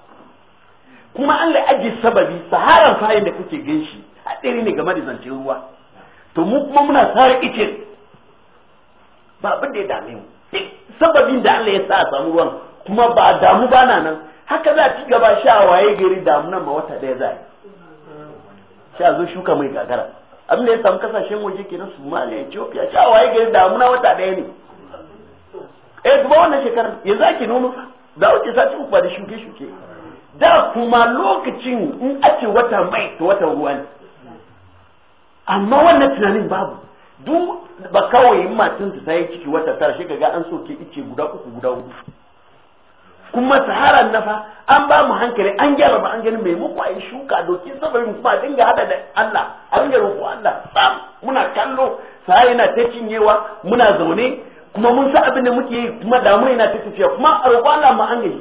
kuma an ga ajiye sababi saharan fayin da kuke gan shi a tsiri ne game da zance ruwa to mu kuma muna sare ice ba abin da ya dame mu sababin da Allah ya sa a samu ruwan kuma ba damu ba na nan haka za a ci gaba sha waye gari nan ma wata ɗaya za a yi sha zo shuka mai gagara abin da ya samu kasashen waje kenan Somalia Ethiopia sha waye gari damuna wata ɗaya ne eh duba wannan shekarar yanzu ake nono da wuce sati uku ba da shuke-shuke da kuma lokacin in ake wata mai ta wata ruwa ne amma wannan tunanin babu duk ba kawai in matan ta yi ciki wata tara shi kaga an soke ice guda uku guda hudu kuma na nafa an ba mu hankali an gyara ba an gani mai muku ayi shuka doki sabarin kuma dinga hada da Allah an gyara ku Allah sam muna kallo sahara yana ta cinyewa muna zaune kuma mun sa abin da muke yi kuma damu yana ta tafiya kuma a roƙo Allah mu an gani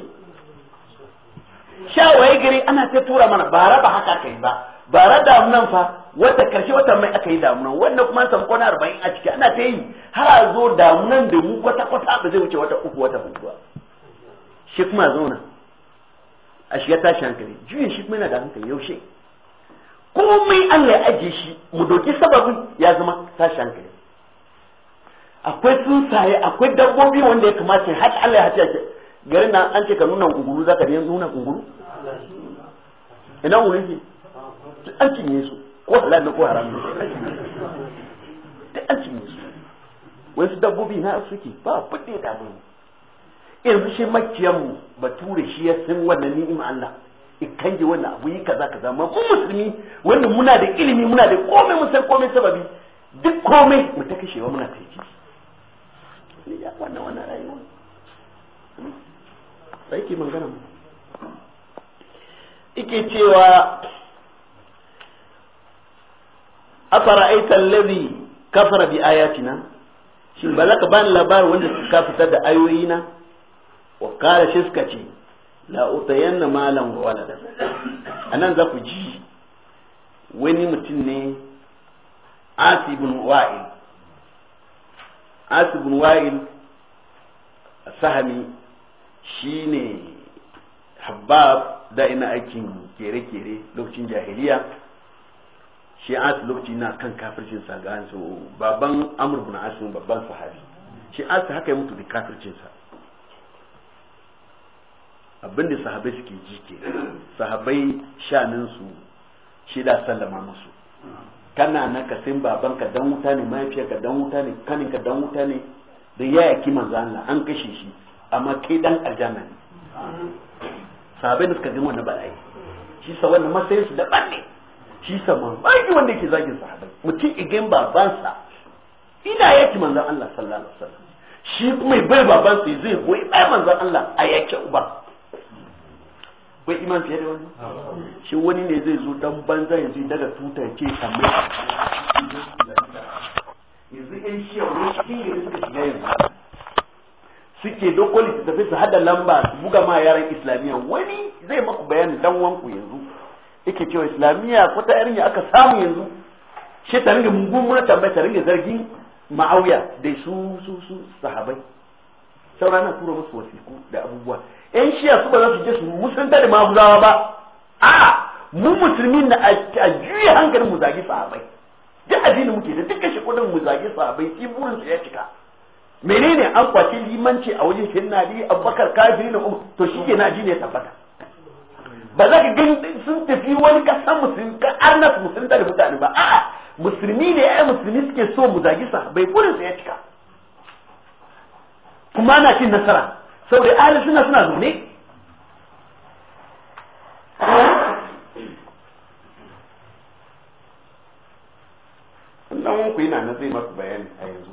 sha waye gari ana ta tura mana ba raba haka kai ba ba rada damunan fa wata karshe wata mai aka yi damunan wannan kuma san kona 40 arba'in a ciki ana ta yi har a zo damunan da mu kwata kwata ba zai wuce wata uku wata hudu shi kuma zauna a shiga tashi hankali juyin shi kuma yana da hankali yaushe komai Allah ya ajiye shi mu doki sababin ya zama tashi hankali akwai tsuntsaye akwai dabbobi wanda ya kamata har Allah ya hace garin nan an ce ka nuna kunguru ka ne nuna kunguru ina wurin ki an cinye su ko halal ne ko haram ne an cinye su wai su dabbobi na suke ba fudde da mu yanzu shi makiyan bature shi ya san wannan ni'ima Allah ikan je wannan abu yi kaza kaza ma mu musulmi wannan muna da ilimi muna da komai mun san komai sababi duk komai mu ta kashewa muna ya wannan wannan rayuwa sai ike cewa afara aita lazi kafara bi ayatina shin ba za ka bani labarin wanda suka fitar da na wa kala shi suka ce la utayanna malan wa walada anan za ku ji wani mutum ne asibun wa'il asibun wa'il sahami shine habab da ina aikin kere-kere lokacin jahiliya shi as lokaci na kan kafircin sa ga su baban amr bin asim babban sahabi shi as haka ya mutu da kafircin sa abin da sahabai suke ji ke sahabai shanin su shi da sallama musu kana na ka sin baban ka dan wuta ne mahaifiyar ka dan wuta ne kanin ka dan wuta ne da ya yaki manzo Allah an kashe shi amma ke dan aljanna ne sahabai da suka gama wannan bala'i shi sa wannan matsayin su daban ne shi sa man baki wanda yake zagin sahabai mutum igin babansa ina yake manzon Allah sallallahu alaihi wasallam shi kuma bai babansa zai goyi bai manzon Allah a yake uba akwai iman fiye da wani shi wani ne zai zo dan banza ya zai daga tuta ya ce kamar yanzu yan shi yau ne shi ne suka shiga yanzu suke su tafi su hada lamba su buga ma yaran islamiyya wani zai maku bayani dan wanku yanzu yake cewa islamiyya ko ta yarinya aka samu yanzu shi ta ringa mummuna tambaya ta ringa zargin ma'auya da su su su sahabai saura na tura musu wasiku da abubuwa yan shiya su ba za su je su musulunta da mabuzawa ba a mu musulmi na a juya hankalin mu zagi sahabai duk addini muke da dukkan shi kudin mu zagi sahabai shi burin su ya cika menene an kwaci limanci a wajen shi na biyu abubakar kafiri na umar to shi ke na ji ne tabbata ba za ka gani sun tafi wani kasan musulmi ka arnas musulmi da mutane ba a'a musulmi ne ya musulmi suke so mu zagi sa bai burin sa ya cika kuma na cin nasara saboda ahli suna suna zaune Wannan ku yana na zai bayani a yanzu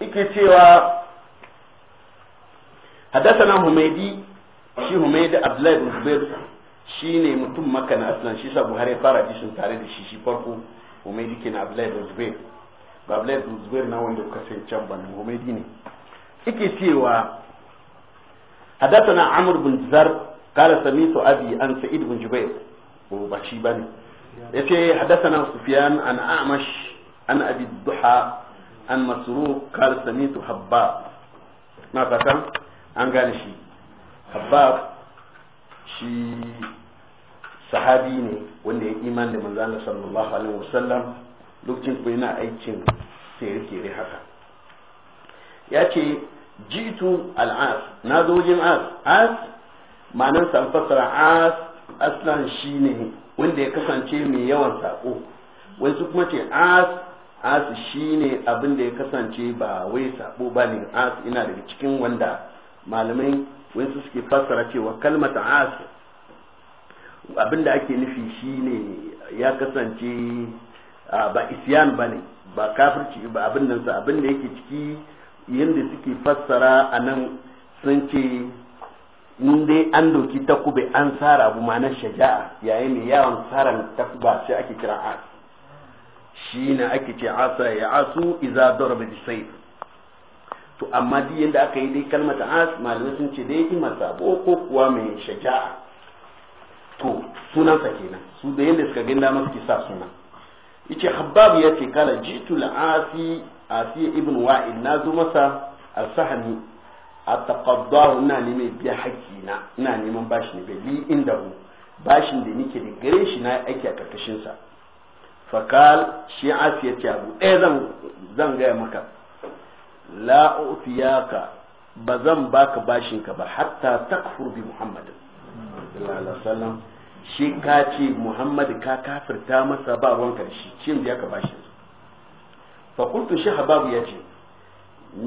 yake cewa haddasana humaidi shi humaidi abdullahi bin zubair shi ne mutum maka na aslan shi sa buhari fara hadisin tare da shi shi farko humaidi ke na abdullahi bin zubair ba abdullahi bin zubair na wanda kuka san can ban humaidi ne yake cewa haddasana amr bin zar قال سميت أبي ba shi ba ne وبشيباني يتي حدثنا سفيان an amash an abi duha an masuru kar samitu habbab na fatan an gane shi habbab shi sahabi ne wanda ya iman da manzo Allah sallallahu alaihi wasallam lokacin ko yana aikin yake kere haka ya ce jitu al'as na zo wajen as as ma'anar san fasara as aslan shine wanda ya kasance mai yawan sako wasu kuma ce as as shine abin da ya kasance ba wai sabo ba ne asu ina daga cikin wanda malamai wasu suke fassara cewa kalmata asu abin da ake nufi shine ya kasance ba isyan ba ne ba kafirci ba abin nan sa abin da yake ciki yadda suke fassara a nan sun ce in dai an doki takube an sara abu ma na shaja'a yayin mai yawan saran takuba sai ake kira asu shi ne ake ce asa ya asu iza darba da sai to amma duk yanda aka yi dai kalmata as malamai sun ce dai ima sabo ko kuwa mai shaja'a to sunansa kenan su da yanda suka ganda masa ke sa suna yace habbab ya ce kala jitu al-asi asi ibn wa'il na zo masa a sahmi na ne mai biya na ina neman bashi ne bai li inda bashin da nake da gare shi na aiki a karkashin sa fakal shi ya ce abu ɗaya zan zan gaya maka la utiyaka ba zan baka bashin ka ba hatta takfur bi muhammad sallallahu alaihi wasallam shi ka ce muhammad ka kafirta masa ba ruwan karshe ce mu ka bashin fa kuntu shi hababu ya ce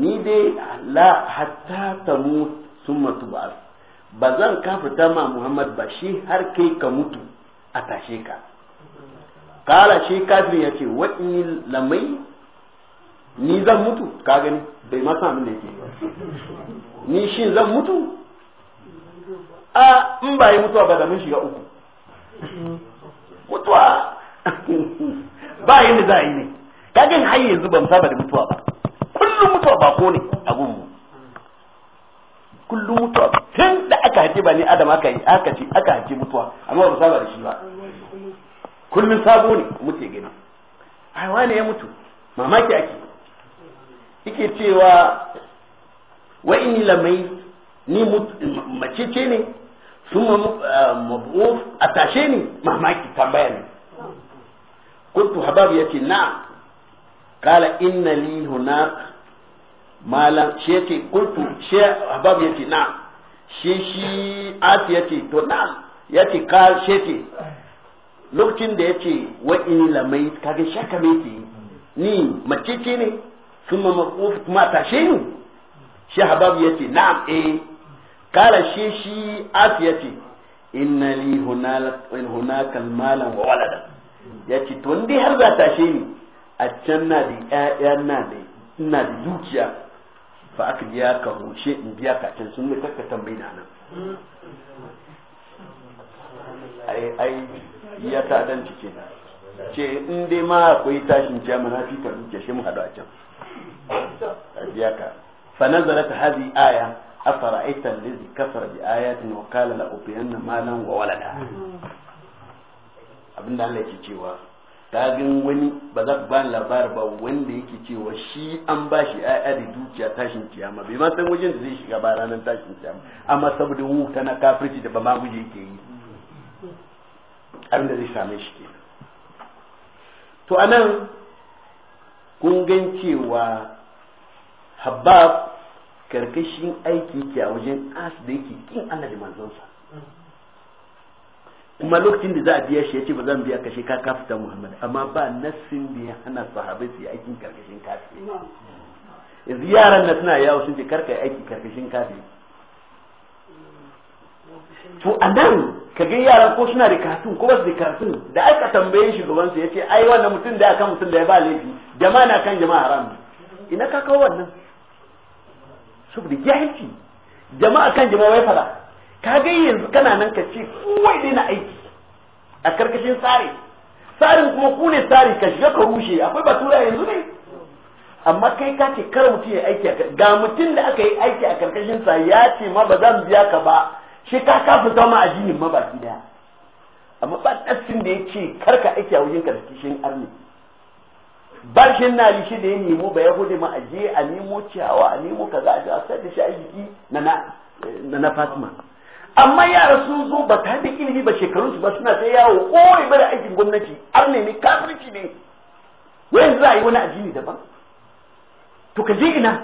ni dai la hatta tamu summa tub'al ba zan kafirta ma muhammad ba shi har kai ka mutu a tashe ka kala shi kafir ya ce wa lamai ni zan mutu ka gani bai masa abin da yake ni shi zan mutu a in ba yi mutuwa ba da mun shiga uku mutuwa ba yi da za a yi ne gani har yanzu ban saba da mutuwa ba kullum mutuwa ba ko ne a gunmu kullum mutuwa tun da aka haje ba ne adam aka yi aka ce aka haje mutuwa amma ba saba da shi ba kullum sabo ne ya gina, ai wane ya mutu mamaki ake yake cewa wa in lamai ni mace ce ne sun eh, mabu a tashe ni mamaki tambaya ne kuntu habab ce na kala inna li huna malam shi yace kuntu shi habab ce na shi shi ati ce to na ce kal shi yace lokacin da yace wa in lamai kage shaka mai ke ni mace ce ne kuma maquf kuma she ni shi habab yace na'am e kala shi shi ya ce inna li hunaka kalmala wa walada yace to ndi har za tashe ni a can na da ƴaƴa na da ina da dukiya fa aka biya ka hoshe in biya ka can sun ne kakka tambayi na nan ai ai ya ta dan cike ce in dai ma akwai tashin kiyama na fi ka duke shi mu hadu a can biya ka fa nazarat hadhi aya afara'aita allazi kafara bi ayatin wa qala la ubiyanna malan wa walada abinda Allah yake cewa ta kagin wani ba za ku ba labar ba wanda yake cewa shi an ba shi ya'ya da dukiya tashin kiyama bai ma san wajen da zai shiga ba ranar tashin kiyama amma saboda wuta na kafirci da ba ma guje yake yi abin da zai same shi ke to anan kun gan cewa habab karkashin aiki ke a wajen as da yake kin Allah da manzonsa kuma lokacin da za a biya shi ya ce ba zan biya kashe ka kafita Muhammad amma ba nassin da ya hana sahabai su yi aikin karkashin kafi yanzu yaran na suna yawo sun ce karka aiki karkashin kafi to a nan ka ga yaran ko suna da karatun ko basu da karatun da aka tambaye shugaban su yace ai wannan mutum da aka mutum da ya ba laifi jama'a na kan jama'a haram ina ka kawo wannan saboda jahilci jama'a kan jama'a wai fara ka ga yanzu kana nan ka ce kowai dai na aiki a karkashin tsari tsarin kuma ku ne tsari ka shiga ka rushe akwai batura yanzu ne amma kai ka ce kar mutum ya aiki a ga mutum da aka yi aiki a karkashin sa ya ce ma ba zan biya ka ba shi ka kafin zama addinin ma baki daya amma ba tsaffin da ce karka aiki a wajen karkashin arni barshin na lishi da ya nemo ba ya hudu ma a je a nemo ciyawa a nemo kaza a ji a sai da shi a na na fatima amma yara sun zo ba ta da ilimi ba shekarun su ba suna ta yawo kowai bada aikin gwamnati arne ne kafirci ne yanzu za a yi wani addini daban to ka je ina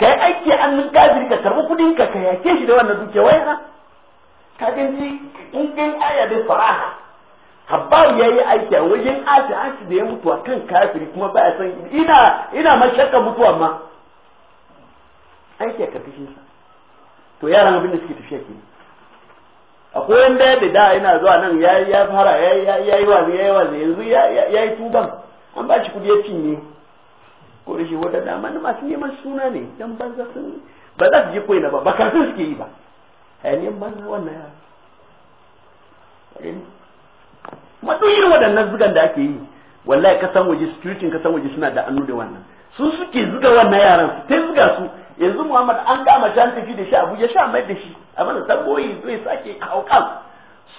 kai aiki annun kafiri ka karbi kudin ka ka yake shi da wannan dukiya wai ha ka ganci in kan aya da faraha habbar ya yi aiki a wajen aji aji da ya mutu a kan kafiri kuma ba ya san ina ina mashakka mutuwa ma aiki a karkashin sa to yaran abin da suke tafiya ke akwai wanda ya da yana zuwa nan ya fara ya yi wazi ya yi wazi yanzu ya yi tuban an ba shi kudi ya cinye ko rashin wata dama na masu neman suna ne dan banza sun ba za su je koyi na ba ba kafin suke yi ba hanyar banza wannan ya kuma duk irin waɗannan zugan da ake yi wallahi kasan waje security kasan waje suna da annu da wannan su suke zuga wannan yaran su ta zuga su yanzu Muhammad an gama can tafi da shi Abuja sha mai da shi a mana tamboyi zai sake kawo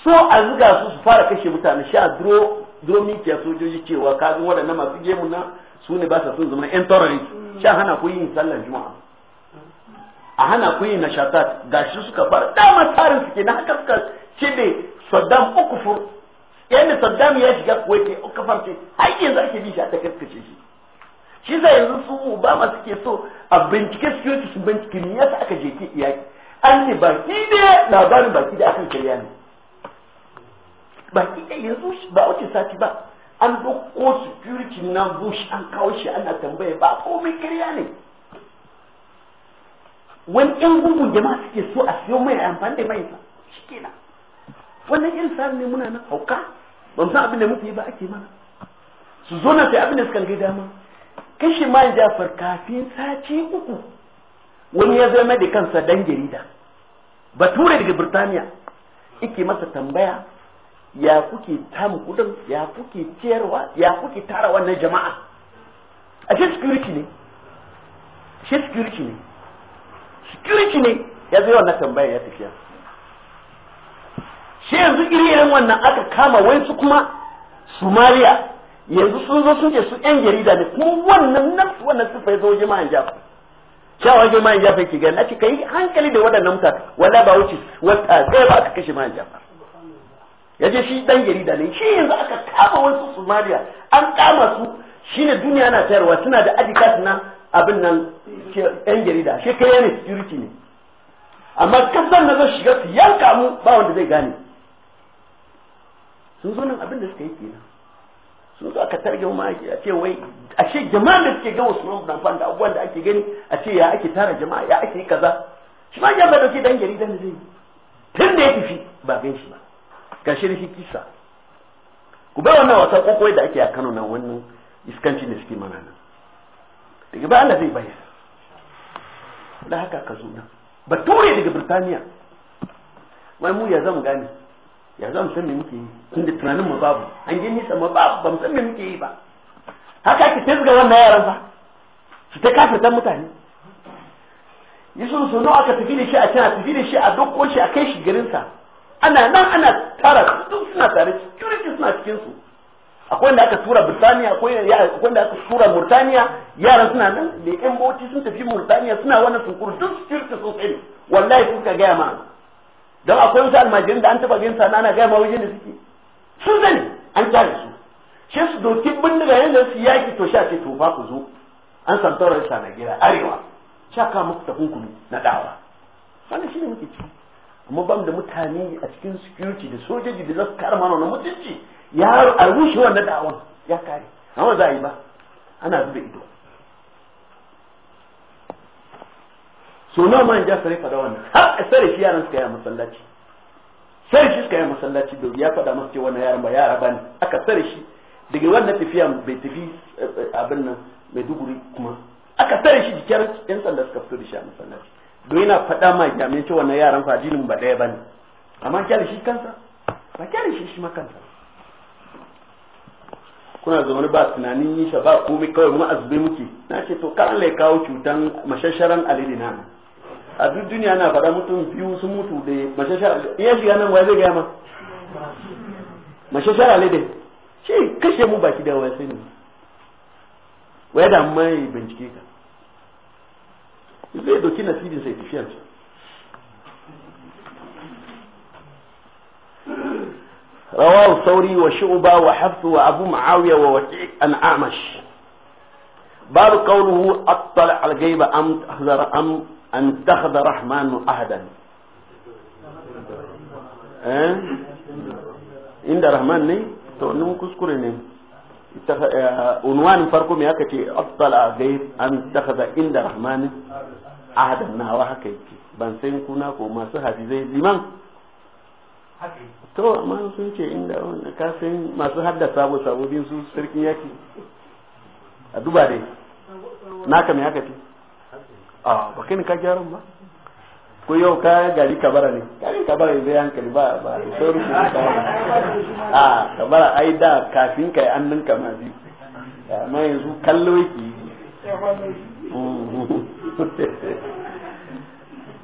so a zuga su su fara kashe mutane sha duro duro mikiya sojoji cewa kazin waɗannan masu gemu na su ne ba sa son zama yan terrorist sha hana ku yin sallar juma'a a hana ku yin nashatat gashi suka fara dama tsarin suke na haka suka ce ne saddam ukufur yadda saddam ya shiga uka ukufar ce har yanzu ake bi shi a ta kaskace shi shi sa yanzu su obama suke so a bincike security su bincike ne yasa aka je ke iyaki an ce baki da labarin baki da aka karya ne baki da yanzu ba wuce sati ba an dukko security na bush an kawo shi ana tambaya ba komai kariya ne wani yan gungun jama'a suke so a siyo mai amfani da mai shi kenan wannan yan sa'an ne muna nan hauka ban san abin da yi ba ake mana su zo na sai abin da suka gai dama kashe man jafar kafin sace uku wani ya zama da kansa dan jarida bature daga birtaniya ike masa tambaya ya kuke tamu kudin ya kuke ciyarwa ya kuke tara wannan jama'a a ce security ne shi security ne security ne ya zai wannan tambaya ya tafiya shi yanzu iri-irin wannan aka kama su kuma somalia yanzu sun zo sun ce su yan jarida ne kuma wannan nafsu wannan sufa ya zo jama'an jafa cewa jama'an jafa ke gani ake kai hankali da waɗannan mutane wala ba wuce wata sai ba aka kashe jama'an jafa ya je shi dan jarida ne shi yanzu aka kama wasu somaliya an kama su shine duniya na tayarwa suna da adikas na abin nan yan jarida shi kai ne security ne amma kasan na zo shiga su yanka mu ba wanda zai gane sun zo nan abin da suka yi kenan sun zo aka targe mu a ce wai a ce jama'a da suke ga wasu nan fan da abubuwan da ake gani a ce ya ake tara jama'a ya ake yi kaza shi ma ya ba dauke dan jarida ne zai tun da ya tafi ba gan shi ba Gashi da kisa ku bai wannan wasa kokoi da ake a Kano nan wannan iskanci da suke mana nan daga ba Allah zai bayar da haka ka zo nan bature daga Birtaniya wai mu ya zan gane ya zan san me muke yi da tunanin mu babu an je nisa ma babu ban san me muke yi ba haka ki tazga wannan yaran fa su ta kafirtan mutane Yi sun aka tafi da shi a can a tafi da shi a dokko shi a kai shi garinsa ana nan ana tara su suna tare security suna cikin su akwai wanda aka tura Birtaniya akwai wanda aka tura Murtaniya yaran suna nan da yan bauchi sun tafi Murtaniya suna wannan sunkuru duk security sun sai wallahi sun ka gaya ma don akwai wata almajirin da an taba gin sana ana gaya ma wajen da suke sun zani an tare su shi su doki bindiga yanda su yaki to sha ce to fa ku zo an tauraron sa na gida arewa sha ka muku takunkumi na dawa wannan shine muke ciki kuma ban da mutane a cikin security da sojoji da za su kare mana mutunci ya a rushe wannan da'awan ya kare amma za a yi ba ana zuba ido so na ma in ja sare fada wannan har a sare shi yaran suka yi a masallaci sare shi suka yi a masallaci da ya fada masu cewa wannan yaran ba yara ba ne aka sare shi daga wannan tafiya bai tafi eh, eh, abin nan mai duguri kuma aka sare shi jikin yan sanda suka fito da shi a masallaci don yana faɗa ma jami'in cewa na yaran fa addinin ba ɗaya bane amma kyale shi kansa ba kyale shi shi ma kansa kuna zaune ba tunanin yi ba komai kawai mu azube muke na ce to kan Allah ya kawo cutan mashasharan alidi na a duk duniya na faɗa mutum biyu sun mutu da mashasharan iya shiga nan wai zai gaya ma mashasharan alidi shi kashe mu baki da wai ne wai da mai bincike ka zai dauki nasibin sai tafiyarsa رواه الثوري وشعبة وحفظ وأبو معاوية ووكيع أن أعمش باب قوله أطلع على الغيب أم تحذر أم أن تخذ رحمن أحدا إن ده رحمن ني تونم نم كسكوري ني آه، عنوان فرقم يا كتي أطلع غيب أن تخذ إن ده رحمن ahadan nawa haka yake ban san kuna ko masu hadizai liman to amma sun ce inda ka kafin masu haddasa sabo sabo bin su sarkin yaki a duba dai naka mai haka ce a ah, ba kai ne ka gyaran ba ko yau ka gari kabara ne gari kabara zai hankali ba ba sai rufe ka a ah, kabara ai da kafin kai annin ka ma bi amma yanzu kallo yake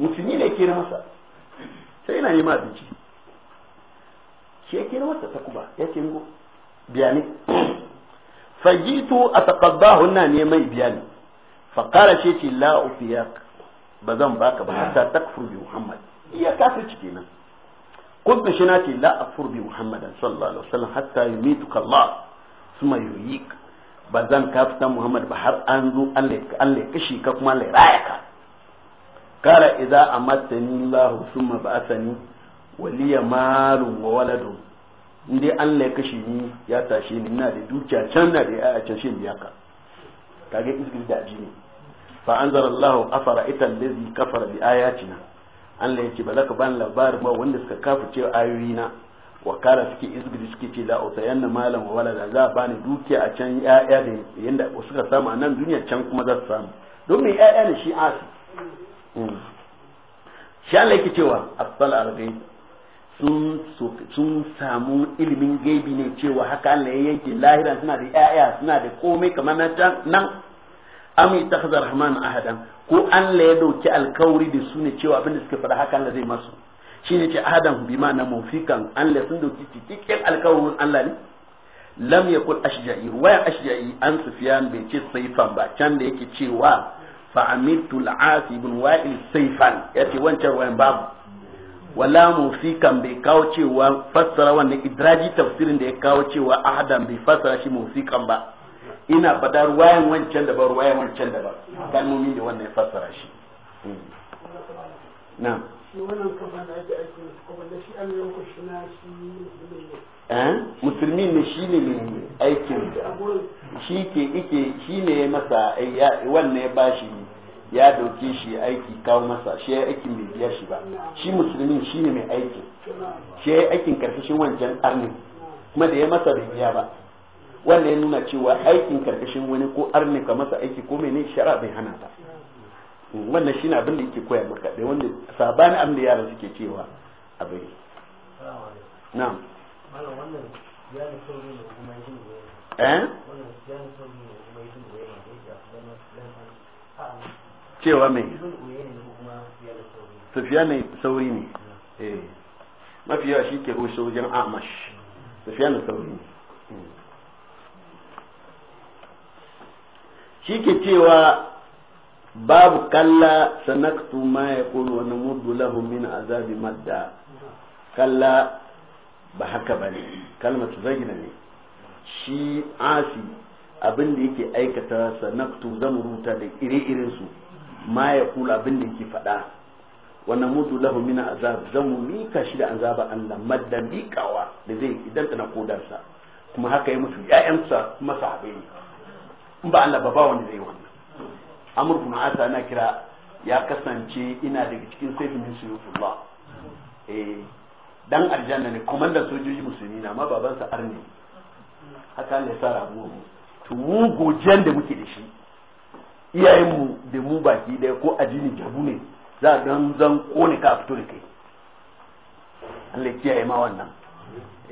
musulmi ne kera masa sai yana neman abinci shi ya kera masa takuba ya ce ngo biya ne fajitu ataqaddahu na neman biya ne fa shi ce la ba zan baka ba hatta takfur bi muhammad iya kafirci kenan kuntu shi na ce la akfur bi muhammadan sallallahu alaihi wasallam hatta yumituka allah suma yuyik ba zan kafita muhammad ba har an zo Allah ya kashe ka kuma Allah ya raya ka kara idza amattani الله summa ba'athani ولي مال وولد waladun indai Allah ya kashe ni ya tashe ni ina da dukiya can na da ya can shin ya ka kage izgil da ne fa anzar Allah afara ita allazi kafara bi ayatina Allah yake ba zaka ban labarin ba wanda suka ce ayoyi na wa kara suke izgil suke ce la utayanna malan wa walada za bani dukiya a can ya'ya da yanda suka samu a nan duniya can kuma za su samu don me ya'ya ne shi asi shi Allah yake cewa afsal al sun sun samu ilimin gaibi ne cewa haka Allah ya yanke lahiran suna da yaya suna da komai kamar na can nan am yatakhadha rahman ahadan ko Allah ya dauki alkawari da su ne cewa abin da suka fara haka Allah zai masu shine ce ahadan bi ma'ana mufikan Allah sun dauki cikakken alkawarin Allah ne lam yakul ashja'i wa ashja'i an sufyan bai ce saifan ba can da yake cewa فعملت العاس بن وائل سيفا ياتي وانشر وين باب ولا موسيقى بكاوتشي وفسر وان ادراجي تفسير بكاوتشي واحدا بفسر شي موسيقى با انا بدار وين وين شندا بار وين وين شندا بار كان مؤمن وين يفسر شي نعم شو وين الكفن عندي اسمه كفن شي ام يوكش ناسي Eh? musulmi ne shi ne mai aikin da shi ke ike shi ne ya masa wannan ya bashi ya dauke shi aiki kawo masa shi ya aikin bai biya shi ba shi musulmi shi ne mai aikin shi ya aikin karkashin wancan arnin kuma da ya masa bai biya ba wannan ya nuna cewa aikin karkashin wani ko arni ka masa aiki ko ne shara bai hana ta wannan shine abin da yake koya maka da wanda sabani abin da yara suke cewa a bai na'am Eh? cewa mai tafiya mai sauri ne eh. mafi yawa shi ke rushe wajen amash tafiya mai sauri ne hmm. shi ke cewa babu kalla sanaktu ma ya kulu wani muddu lahu min azabi madda kalla ba haka ba ne kalmatu zagina ne shi asi abin da yake aikata sanaktu zan rubuta da ire su ma ya kula abin da yake faɗa wannan mutu lahu mina azab zan mika shi da azaba Allah maddan bikawa da zai idan tana kodarsa kuma haka ya mutu yayansa kuma sahabbai ne in ba Allah ba ba wanda zai wannan amur bin asa na kira ya kasance ina daga cikin sayfin suyufullah eh dan aljanna ne komandan sojoji musulmi na ma babansa arni haka ne sa rabu to mu gojen da muke da shi mu da mu baki daya ko ajini jabu ne za a dan zan kone ka fito da kai Allah kiyaye ma wannan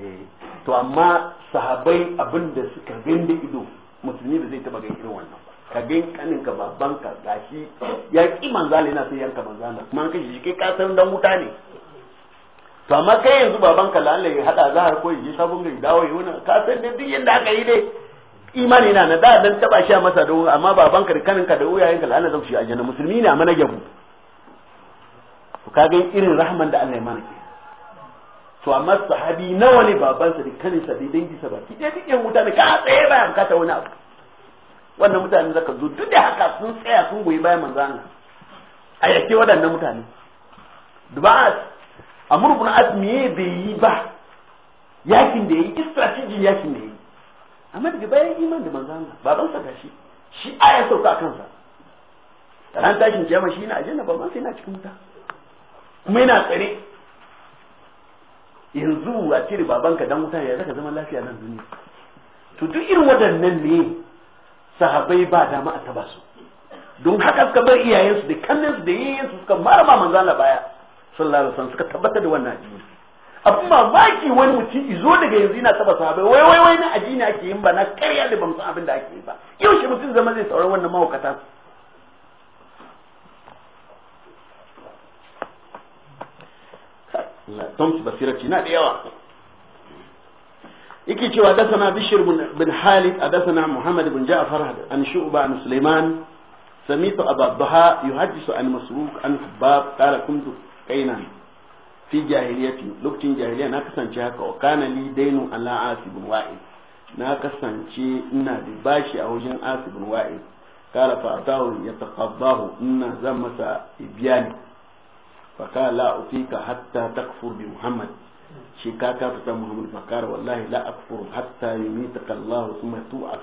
eh, to amma sahabai abin da suka ganda ido musulmi ba zai taba ga irin wannan ka gan kanin ka baban ka gashi ya ki manzala yana sai yanka manzala kuma an kai ka san dan wuta ne to amma kai yanzu baban ka lalle ya hada zahar ko yi sabon gari dawo yi wani ka san da duk yanda aka yi dai imani na na da dan taba shi a masa da wuri amma baban ka da kanin ka da uyayen ka lalle zan shi aljanna musulmi ne amma na gabu to ka ga irin rahman da Allah ya mana to amma sahabi nawa ne sa da kanin sa da dangi sa ba dai duk yan ne ka tsaye ba ka ta wani abu wannan mutane zaka zo duk da haka sun tsaya sun goyi bayan manzo Allah a yake waɗannan mutane duba amur bin azmi bai yi ba yakin da yayi strategy yakin da yayi amma daga bayan iman da manzo Allah baban sa gashi shi aya sauka kansa ran tashin kiyama shi na aljanna ba ma sai na cikin wuta kuma yana tsare yanzu a cire babanka dan wuta ya zaka zama lafiya nan duniya to duk irin waɗannan ne sahabai ba dama a taba su don haka suka bar iyayensu da kannensu da yayyensu suka mara ba manzo Allah baya sallallahu alaihi wasallam suka tabbatar da wannan addini abin mamaki wani mutum izo daga yanzu ina taba sahabai wai wai wai na addini ake yin ba na karya da bamsu san abin da ake yi ba yau shi mutum zama zai saurari wannan mahaukata don basirarci na da yawa yake cewa dasana bishir bin halid a dasana muhammad bin ja'far an shu'ba an suleiman samitu abu hajji su an masruk an hubbab ƙara kuntu kaina fi jahiliyati lokacin jahiliya na kasance haka wa kana li dainu ala asibun wa'id na kasance ina da bashi a wajen asibin wa'id kala fa ya yataqaddahu ina zan masa fa kala utika hatta takfur bi muhammad shi ka ka fita muhammad fa kala wallahi la akfur hatta yumitaka allah thumma tu'af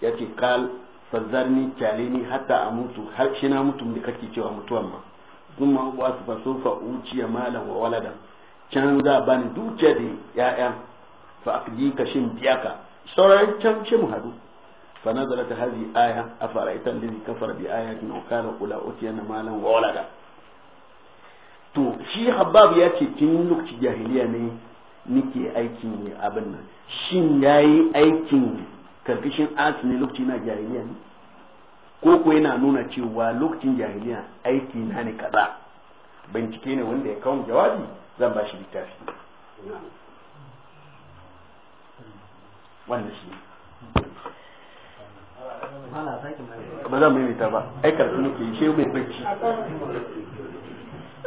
yace kal fazarni kyalini hatta amutu har shi na mutum da kake cewa mutuwan ma sun ma uwa su faso fa uciya malam wa walada can za ban duce da ya'ya fa akji ka shin biyaka sauran can ce mu hadu fa ta hadhihi aya afara'aita alladhi kafar bi ayatin wa kana qula utiya malan wa walada to shi habab ya ce tun lokaci jahiliya ne nike aikin abin nan shin yayi aikin karkashin asini lokaci na jahiliya ne ko ko yana nuna cewa lokacin jahiliya aiki na ne kaza bincike ne wanda ya kawo jawabi zan ba shi littafi wannan shi ba zan mita ba ai karfi nake yi mai bacci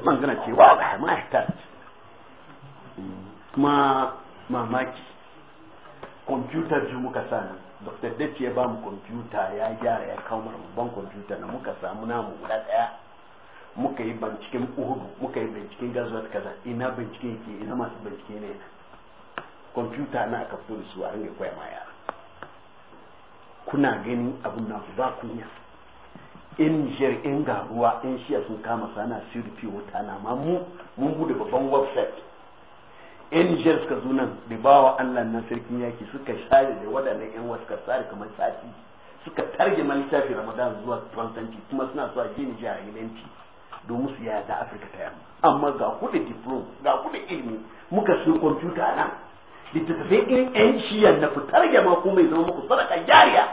man gana wa ba ma ya kuma mamaki computer ji muka sa dr dace ya ba mu kwamfuta ya gyara ya kawo mu babban kwamfuta na muka samu namu guda daya muka yi binciken uhudu muka yi binciken gazuwar kaza ina bincike ke ina masu bincike ne kwamfuta na aka fito da su a ringa koya ma yara kuna ganin abun na ba kunya in jir in garuwa in shiya sun kama sana sirfi wuta na ma mu mun bude babban website yan nijar suka zo nan wa bawa allah na sarkin yaki suka share da waɗannan yan wasu tsari kamar sati suka targe littafin ramadan zuwa tuwantanci kuma suna zuwa jini jahilanci domin su yaya da afirka ta yamma amma ga kuɗe diplom ga kuɗe ilimi muka sun kwamfuta nan littattafai irin ƴan na na fitar gama ko mai zama muku sadaka jariya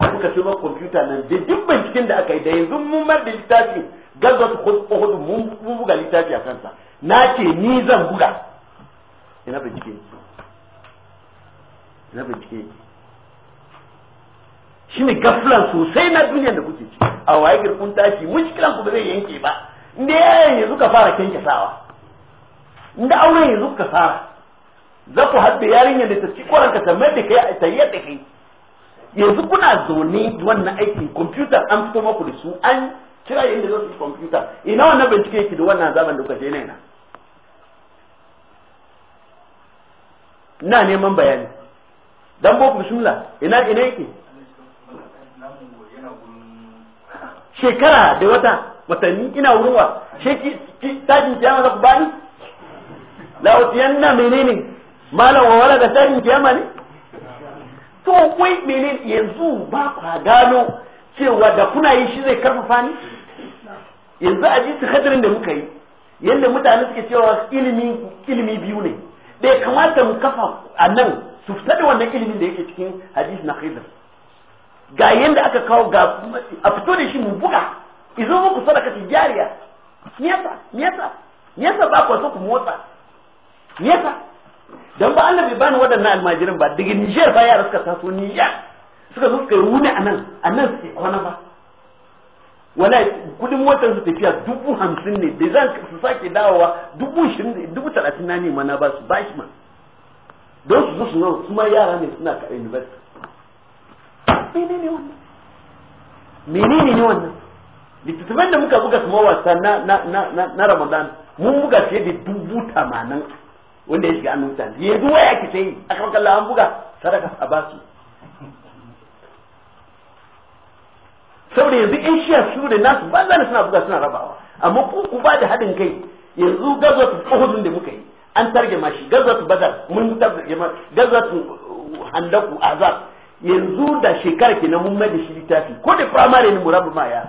muka sai ma kwamfuta nan da duk binciken da aka yi da yanzu mun mar da littafi gaza su hudu mun buga littafi a kansa na ce ni zan buga ina bincike ina bincike shi ne gaflan sosai na duniyar da kuke ci a waye girkun tashi mushkilan ku ba zai yanke ba inda yayin yanzu ka fara kyanke sawa inda auren yanzu ka fara za ku hadda yarinyar da ta ci kwaranka ta mai da kai ta da kai yanzu kuna zaune wannan aikin kwamfuta an fito maku da su an kira yadda za su yi kwamfuta ina wannan bincike yake da wannan zaman da kuka je na ina neman bayani dan boko bismillah ina ina yake shekara da wata watanni ina wurin wa sheki tajin kiyama za ku bani la utiyanna menene malam wa wala da tajin kiyama ne to wai menene yanzu ba ka gano cewa da kuna yi shi zai karfafa ni yanzu a ji su hadarin da muka yi yanda mutane suke cewa ilimi ilimi biyu ne bai kamata mu kafa a nan su fita da wannan ilimin da yake cikin hadith na khidr ga yanda aka kawo ga a fito da shi mu buga izo muku sadaka jariya niyasa niyasa niyasa ba ku so ku motsa niyasa dan ba Allah bai bani waɗannan almajirin ba daga Niger ba yara suka taso Niger suka zo suka rune a nan sai kwana ba wala kudin motar su tafiya dubu hamsin ne da zan su sake dawowa dubu shirin dubu talatin na ne mana ba su ba shi ma don su zo su nan su yara ne suna ka university menene wannan menene ne wannan littattafan da muka buga kuma wasa na na na na ramadan mun buga fiye da dubu tamanin wanda ya shiga an yanzu waya ki sai a kan kallon an buga sadaka a basu saboda yanzu in shiya su da nasu ba ne suna buga suna rabawa amma ku ku ba da haɗin kai yanzu gazwatu uhudun da muka yi an targama shi gazwatu badar mun targama gazwatu uh, handaku azab yanzu da shekara kenan mun mummai da shi littafi ko da firamare ne mu raba ma ya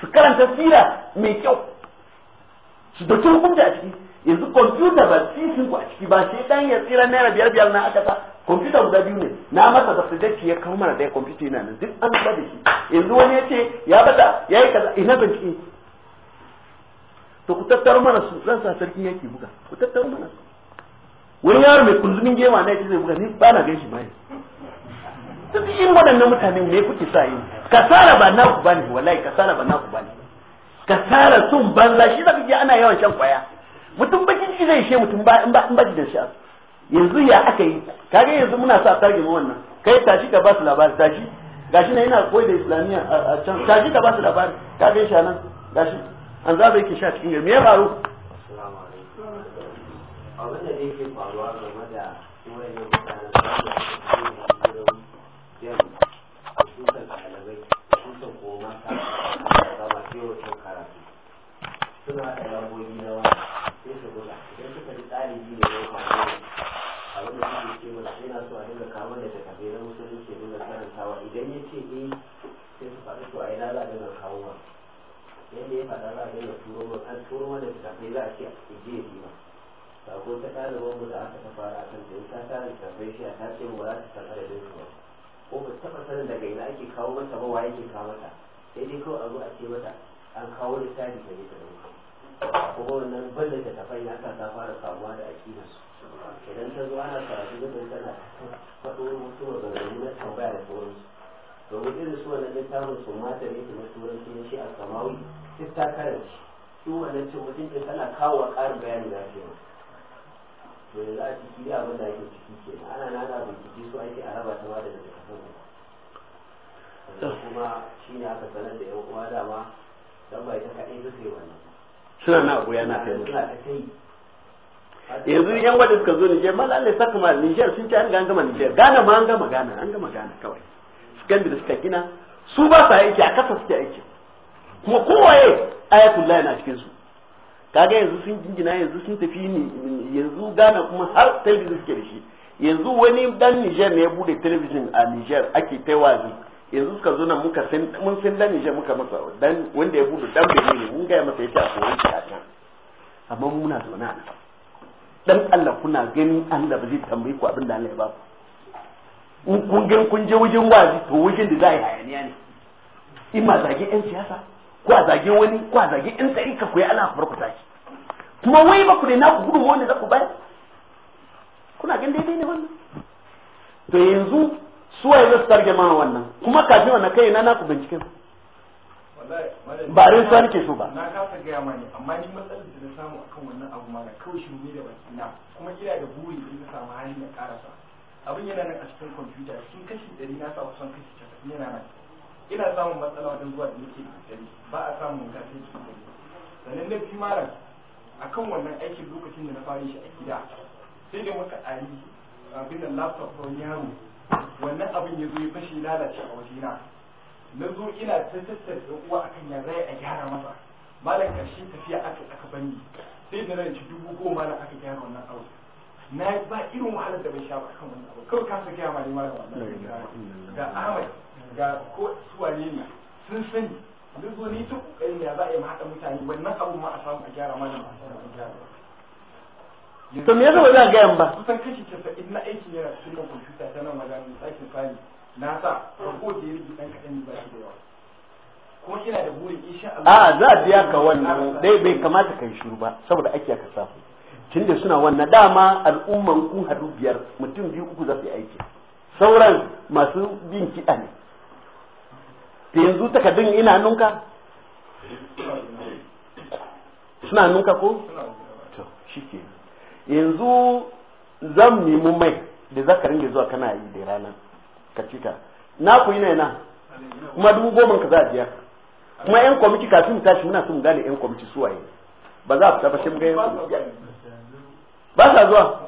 su karanta sira mai kyau su tun hukunta a ciki yanzu kwamfuta ba sisin ku a ciki ba sai dan ya tsira naira biyar biyar na aka sa kwamfuta guda biyu ne na masa da sajaki ya kawo mana daya kwamfuta yana nan duk an ba da shi yanzu wani ya ce ya bada ya yi kaza ina ban ciki to ku tattaro mana su zan sa sarkin yake buga ku tattaro mana su wani yaro mai kunzumin gema na yake zai buga ni ba na gan shi bayan duk yin waɗannan mutane me kuke sa yi kasara ba naku bani wallahi kasara ba naku bane kasara sun banza shi da kike ana yawan shan kwaya mutum bakin ciki zai she mutum ba in ba da yanzu ya aka yi kage yanzu muna sa targe mu wannan kai tashi ka ba su labari tashi gashi na yana koyi da islamiyya a can tashi ka ba su labari ka ga shi nan gashi an zaba yake sha cikin gari, me ya faru abin da yake faruwa game da wayannan mutanen suna da yabobi na wani wajibi ne ya faru abin da suke cewa yana so a dinga kawo da takabe na musulunci ke dinga karantawa idan ya ce eh sai su faɗi to a ina za a dinga kawo ma yadda ya faɗa za a dinga turo ma an turo ma da takabe za a ce a je ya ba sako ta ɗaliban mu da aka ta fara a kan ta ta tara takabe shi a ta ce ba za ta san adadin su ba ko ba taɓa sanin daga ina ake kawo mata ba wa yake kawo mata sai dai kawai a zo a ce mata an kawo littafi da ne ta kuma wannan banda da tafai ya sa ta fara kamuwa da aƙidar su idan ta zo ana karatu da bai tana faɗo wasu maganganu na tambaya da sauransu domin irin su wannan littafin su mata ne kuma turanci ne shi a samawi duk ta karanci shi wannan cin mutum tana kawo ƙarin bayani da ake masa to yanzu a ciki da abin da ake ciki ke ana nana ana bincike su ake a raba ta ma da daga kasan kuma shi ne aka sanar da yan uwa dama don bai ta kaɗai duk sai wannan suna na abu yana kai yanzu yan wadda suka zo Nijar mala ne saka ma Nijar sun ce an ga an gama Nijar Ghana ma an gama Ghana an gama Ghana kawai suka da suka gina su ba sa aiki a kasa suke aiki kuma kowaye ayatullahi layana cikin su kaga yanzu sun jingina yanzu sun tafi yanzu Ghana kuma har talabijin suke da shi yanzu wani dan Nijar ne ya bude talabijin a Nijar ake taiwazi yanzu suka zo nan muka sin mun sin dan je muka masa dan wanda ya gudu dan bai ne mun ga masa yace a koran ta a amma mu muna zauna nan dan Allah kuna gani Allah ba zai tambayi ku abin da Allah ya ba ku in kun ga kun je wajen wazi to wajen da za a yi hayaniya ne in ma zage yan siyasa ko a zage wani ko a zage yan tsarika ku yi ana farkuta tashi kuma wai ba ku ne na ku gudu wanda za ku bayar kuna gan daidai ne wannan to yanzu su waye zai targe mana wannan kuma kafin wannan kai na naku binciken ba rin sa nake so ba na kasa gaya ma ne amma ni matsalar da na samu akan wannan abu ma da kawai shi ne da bakina kuma ina da buri in na samu hali na karasa abin yana nan a cikin kwamfuta sun kashi ɗari na sa son kashi casa'in yana nan ina samun matsala wajen zuwa da nake ɗari ba a samun gasar jiki ɗari sannan na fi a akan wannan aikin lokacin da na fara shi a gida sai da muka ɗari abin da laptop ko yaro wannan abin ya zo ya fashe lalace a wajena na zo ina ta tattar da uwa a ya yanzu a gyara masa malam karshe tafiya aka aka bani sai da nan ci dubu goma na aka gyara wannan abu na yi ba irin wahalar da bai sha ba kan wannan abu kawai kasa gaya ma ne malam wannan da Ahmad ga ko suwane ne sun sani duk zo ni ta kokarin ya za a yi ma haɗa mutane wannan abu ma a samu a gyara malam a gyara to me yasa ba za a gayan ba kusan kashi casa'in na aiki yana cikin kwamfuta ta nan wajen aikin fani na sa ko da ya rigi dan kaɗan ba shi da yawa kuma ina da burin insha Allah a za a biya ka wannan dai bai kamata kai shuru ba saboda aiki aka samu tunda suna wannan dama al'umman ku hadu biyar mutum biyu uku za su yi aiki sauran masu bin kiɗa ne ta yanzu takardun ina nunka suna nunka ko to shikenan yanzu zan nemi mai da zakarin da zuwa kana yi da rana ka cika na ku yi na yana kuma dubu goma ka za a biya kuma yan kwamiti kafin tashi muna son gane yan kwamiti su waye ba za a fita ba mu ga yan ba sa zuwa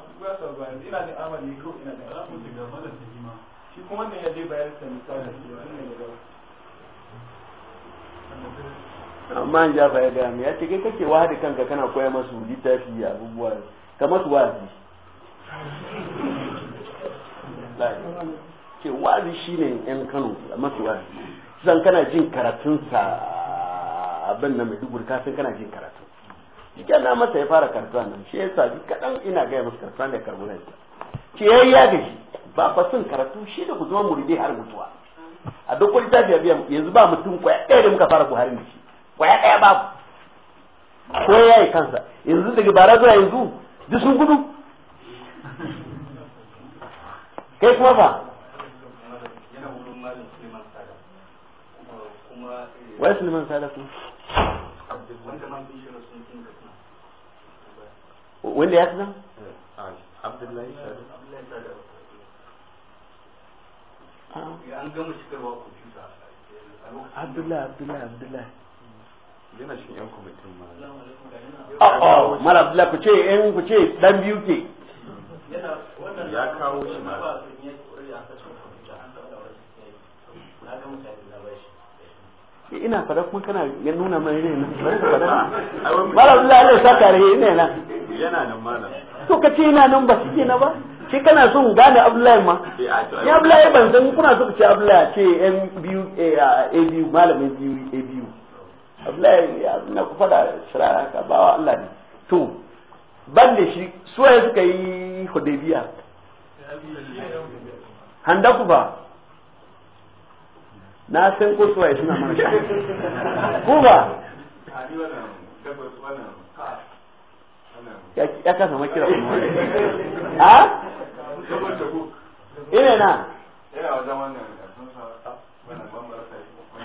amma an jafa ya gaya ya ce kai kake wahada kanka kana koya masu littafi abubuwa kamar su wa'azi ce wa'azi shine yan Kano kamar su wa'azi san kana jin karatun sa abin na mai dubur kasan kana jin karatu cikin na masa ya fara karatu nan shi ya sabi kadan ina gaya masu karatu da karbu nan ce yi ya gaji ba fa sun karatu shi da ku zama muridi har mutuwa a duk wani ya biyan yanzu ba mutum kwaya ɗaya da muka fara buhari da shi kwaya ɗaya babu ko ya yi kansa yanzu daga bara zuwa yanzu دي سوقدو kai kuma ba wai suleiman sadaku wanda ya tuna abdullahi abdullahi abdullahi yana shi yan kwamitin mara oh, oh, mara abdullahi ku ce yan eh, ku ce dan biyu ke ya kawo shi ma ina fada kuma kana ya nuna mai ne na mara abdullahi Allah sa tarihi ne na yana nan mara to ka ce ina nan ba su na ba shi kana mu gane abdullahi ma ya eh, abdullahi ban san kuna so ku ce abdullahi ce yan eh, biyu a biyu malamin biyu a biyu abdullahi ya na ku fada sirara haka bawa Allah ne to ban da shi su suwaye suka yi hudaybiya handa ku ba na san ko suwaye suna mana ku ba ya kasa makira kuma ha? ina na? yana wajen wannan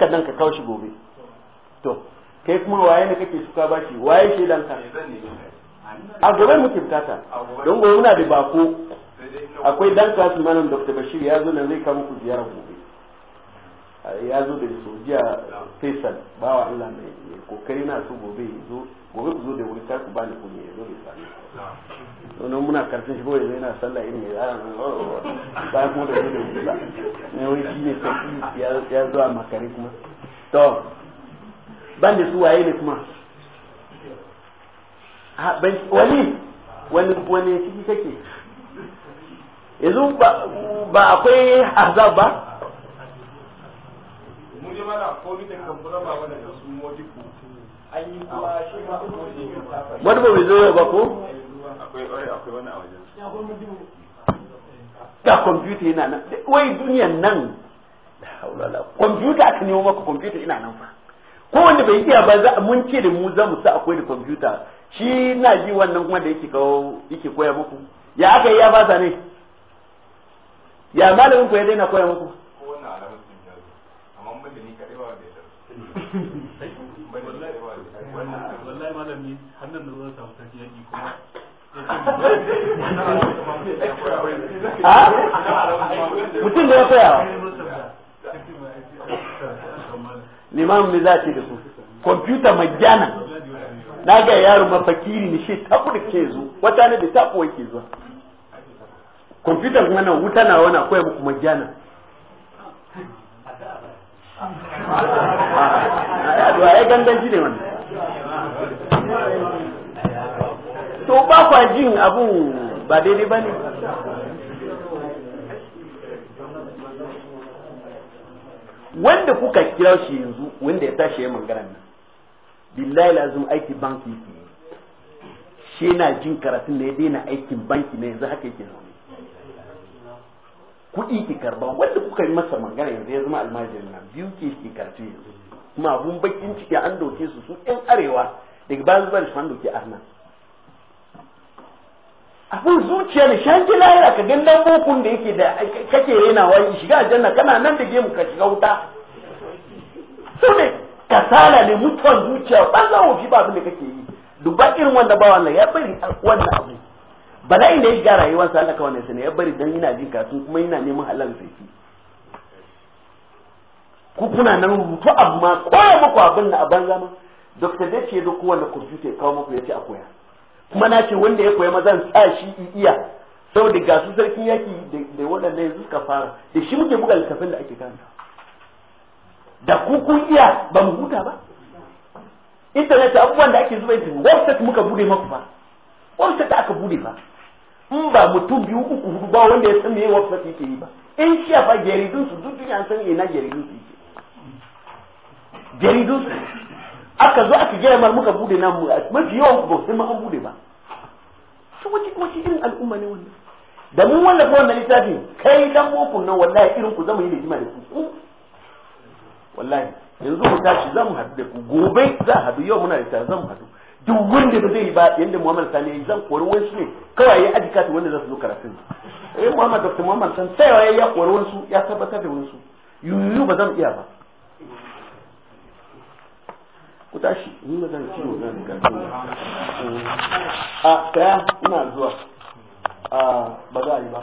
nan ka kawo shi gobe to kai kuma waye ne kake suka shi waye shaidan ka a gobe muke bukata don gobe muna da bako akwai dan kasu malam dr bashir ya zo nan zai kawo ku ziyara gobe ya zo da sojiya faisal bawa allah mai kokari na so gobe zo gobe ku zo da wuri ta ku bani kunya ya zo da sami wani muna karfin shi kawai yana sallah irin ya zara oh, oh, oh. bayan kuma da kuma da wani ba ne wai shi ne sai ya zuwa makare kuma to ban da su waye ne kuma wani wani wani shi take yanzu ba akwai azab ba mun yi mana komi da kamfura ba wanda da su an yi kuma shi ba ba ko akwai oi akwai wani a wajen da kwamfuta yana nan wai duniyan nan kwamfuta aka nemo maka kwamfuta ina nan fa ko wanda bai iya ba za mun ce da mu za mu sa akwai da kwamfuta shi na ji wannan kuma da yake kawo yake koya muku ya aka yi ya ba sa ne ya malamin ku ya daina koya muku amma mun mutum da ya koya limamin mai za a ce da su kwamfuta majana na ga yaro mafakiri ne shi tafi da ke zo wata ne da tafi kuwa ke zuwa kwamfuta kuma nan wuta na wana akwai muku majana a yaduwa ya gandanci ne wannan to ba kwa jin abu ba daidai ba ne wanda kuka kira shi yanzu wanda ya tashi ya mangana nan billahi lazim aiki banki ke shi na jin karatun da ya daina aikin banki na yanzu haka yake zaune kuɗi ke karba wanda kuka yi masa magana yanzu ya zama almajirin nan biyu ke ke karatu yanzu kuma abun bakin ciki an doke su su yan arewa daga bayan zuwa da shi an doke arna abin zuciya ne shan ji lahira ka ga nan da yake da kake rena wani shiga janna kana nan da gemu ka shiga wuta su ne kasala ne mutuwan zuciya ba za fi ba da kake yi duba irin wanda ba wannan ya bari wannan abu bala'in inda ya shiga rayuwarsa Allah kawai ne ya bari dan yana jin kasu kuma yana neman halal sai ku nan rubutu amma koya muku abin na a banza ma dokta zai ce duk wanda kwamfuta ya kawo muku ya ce a koya kuma na ce wanda ya koya ma zan sa shi iya saboda ga su sarkin yaki da waɗanda yanzu suka fara da shi muke buga littafin da ake kanta da kukun iya ba mu huta ba internet abubuwan da ake zuba internet ta muka bude maku fa ta aka bude fa in ba mutum biyu uku hudu ba wanda ya san me ta yake yi ba in shi fa jaridun su duk duniya san ina jaridun su yake jaridun su aka zo aka gaya mar muka bude namu mafi yawan ba sai ma an bude ba to wace wace irin al'umma ne wannan da mun wallafa wannan littafin kai dan bokun nan wallahi irin ku zamu yi da hijima da ku wallahi yanzu mu tashi zamu haɗu da ku gobe za a haɗu yau muna da tare zamu haɗu duk wanda ba zai yi ba yanda Muhammad Sani yayi zan kori wasu ne kawai ya aji ta wanda za su zo karatun eh Muhammad Dr. Muhammad Sani sai ya kori wasu ya tabbatar da wasu yuyu ba zan iya ba ku tashi ni ba zan ciwo zan ga a kaya ina zuwa a ba za a yi ba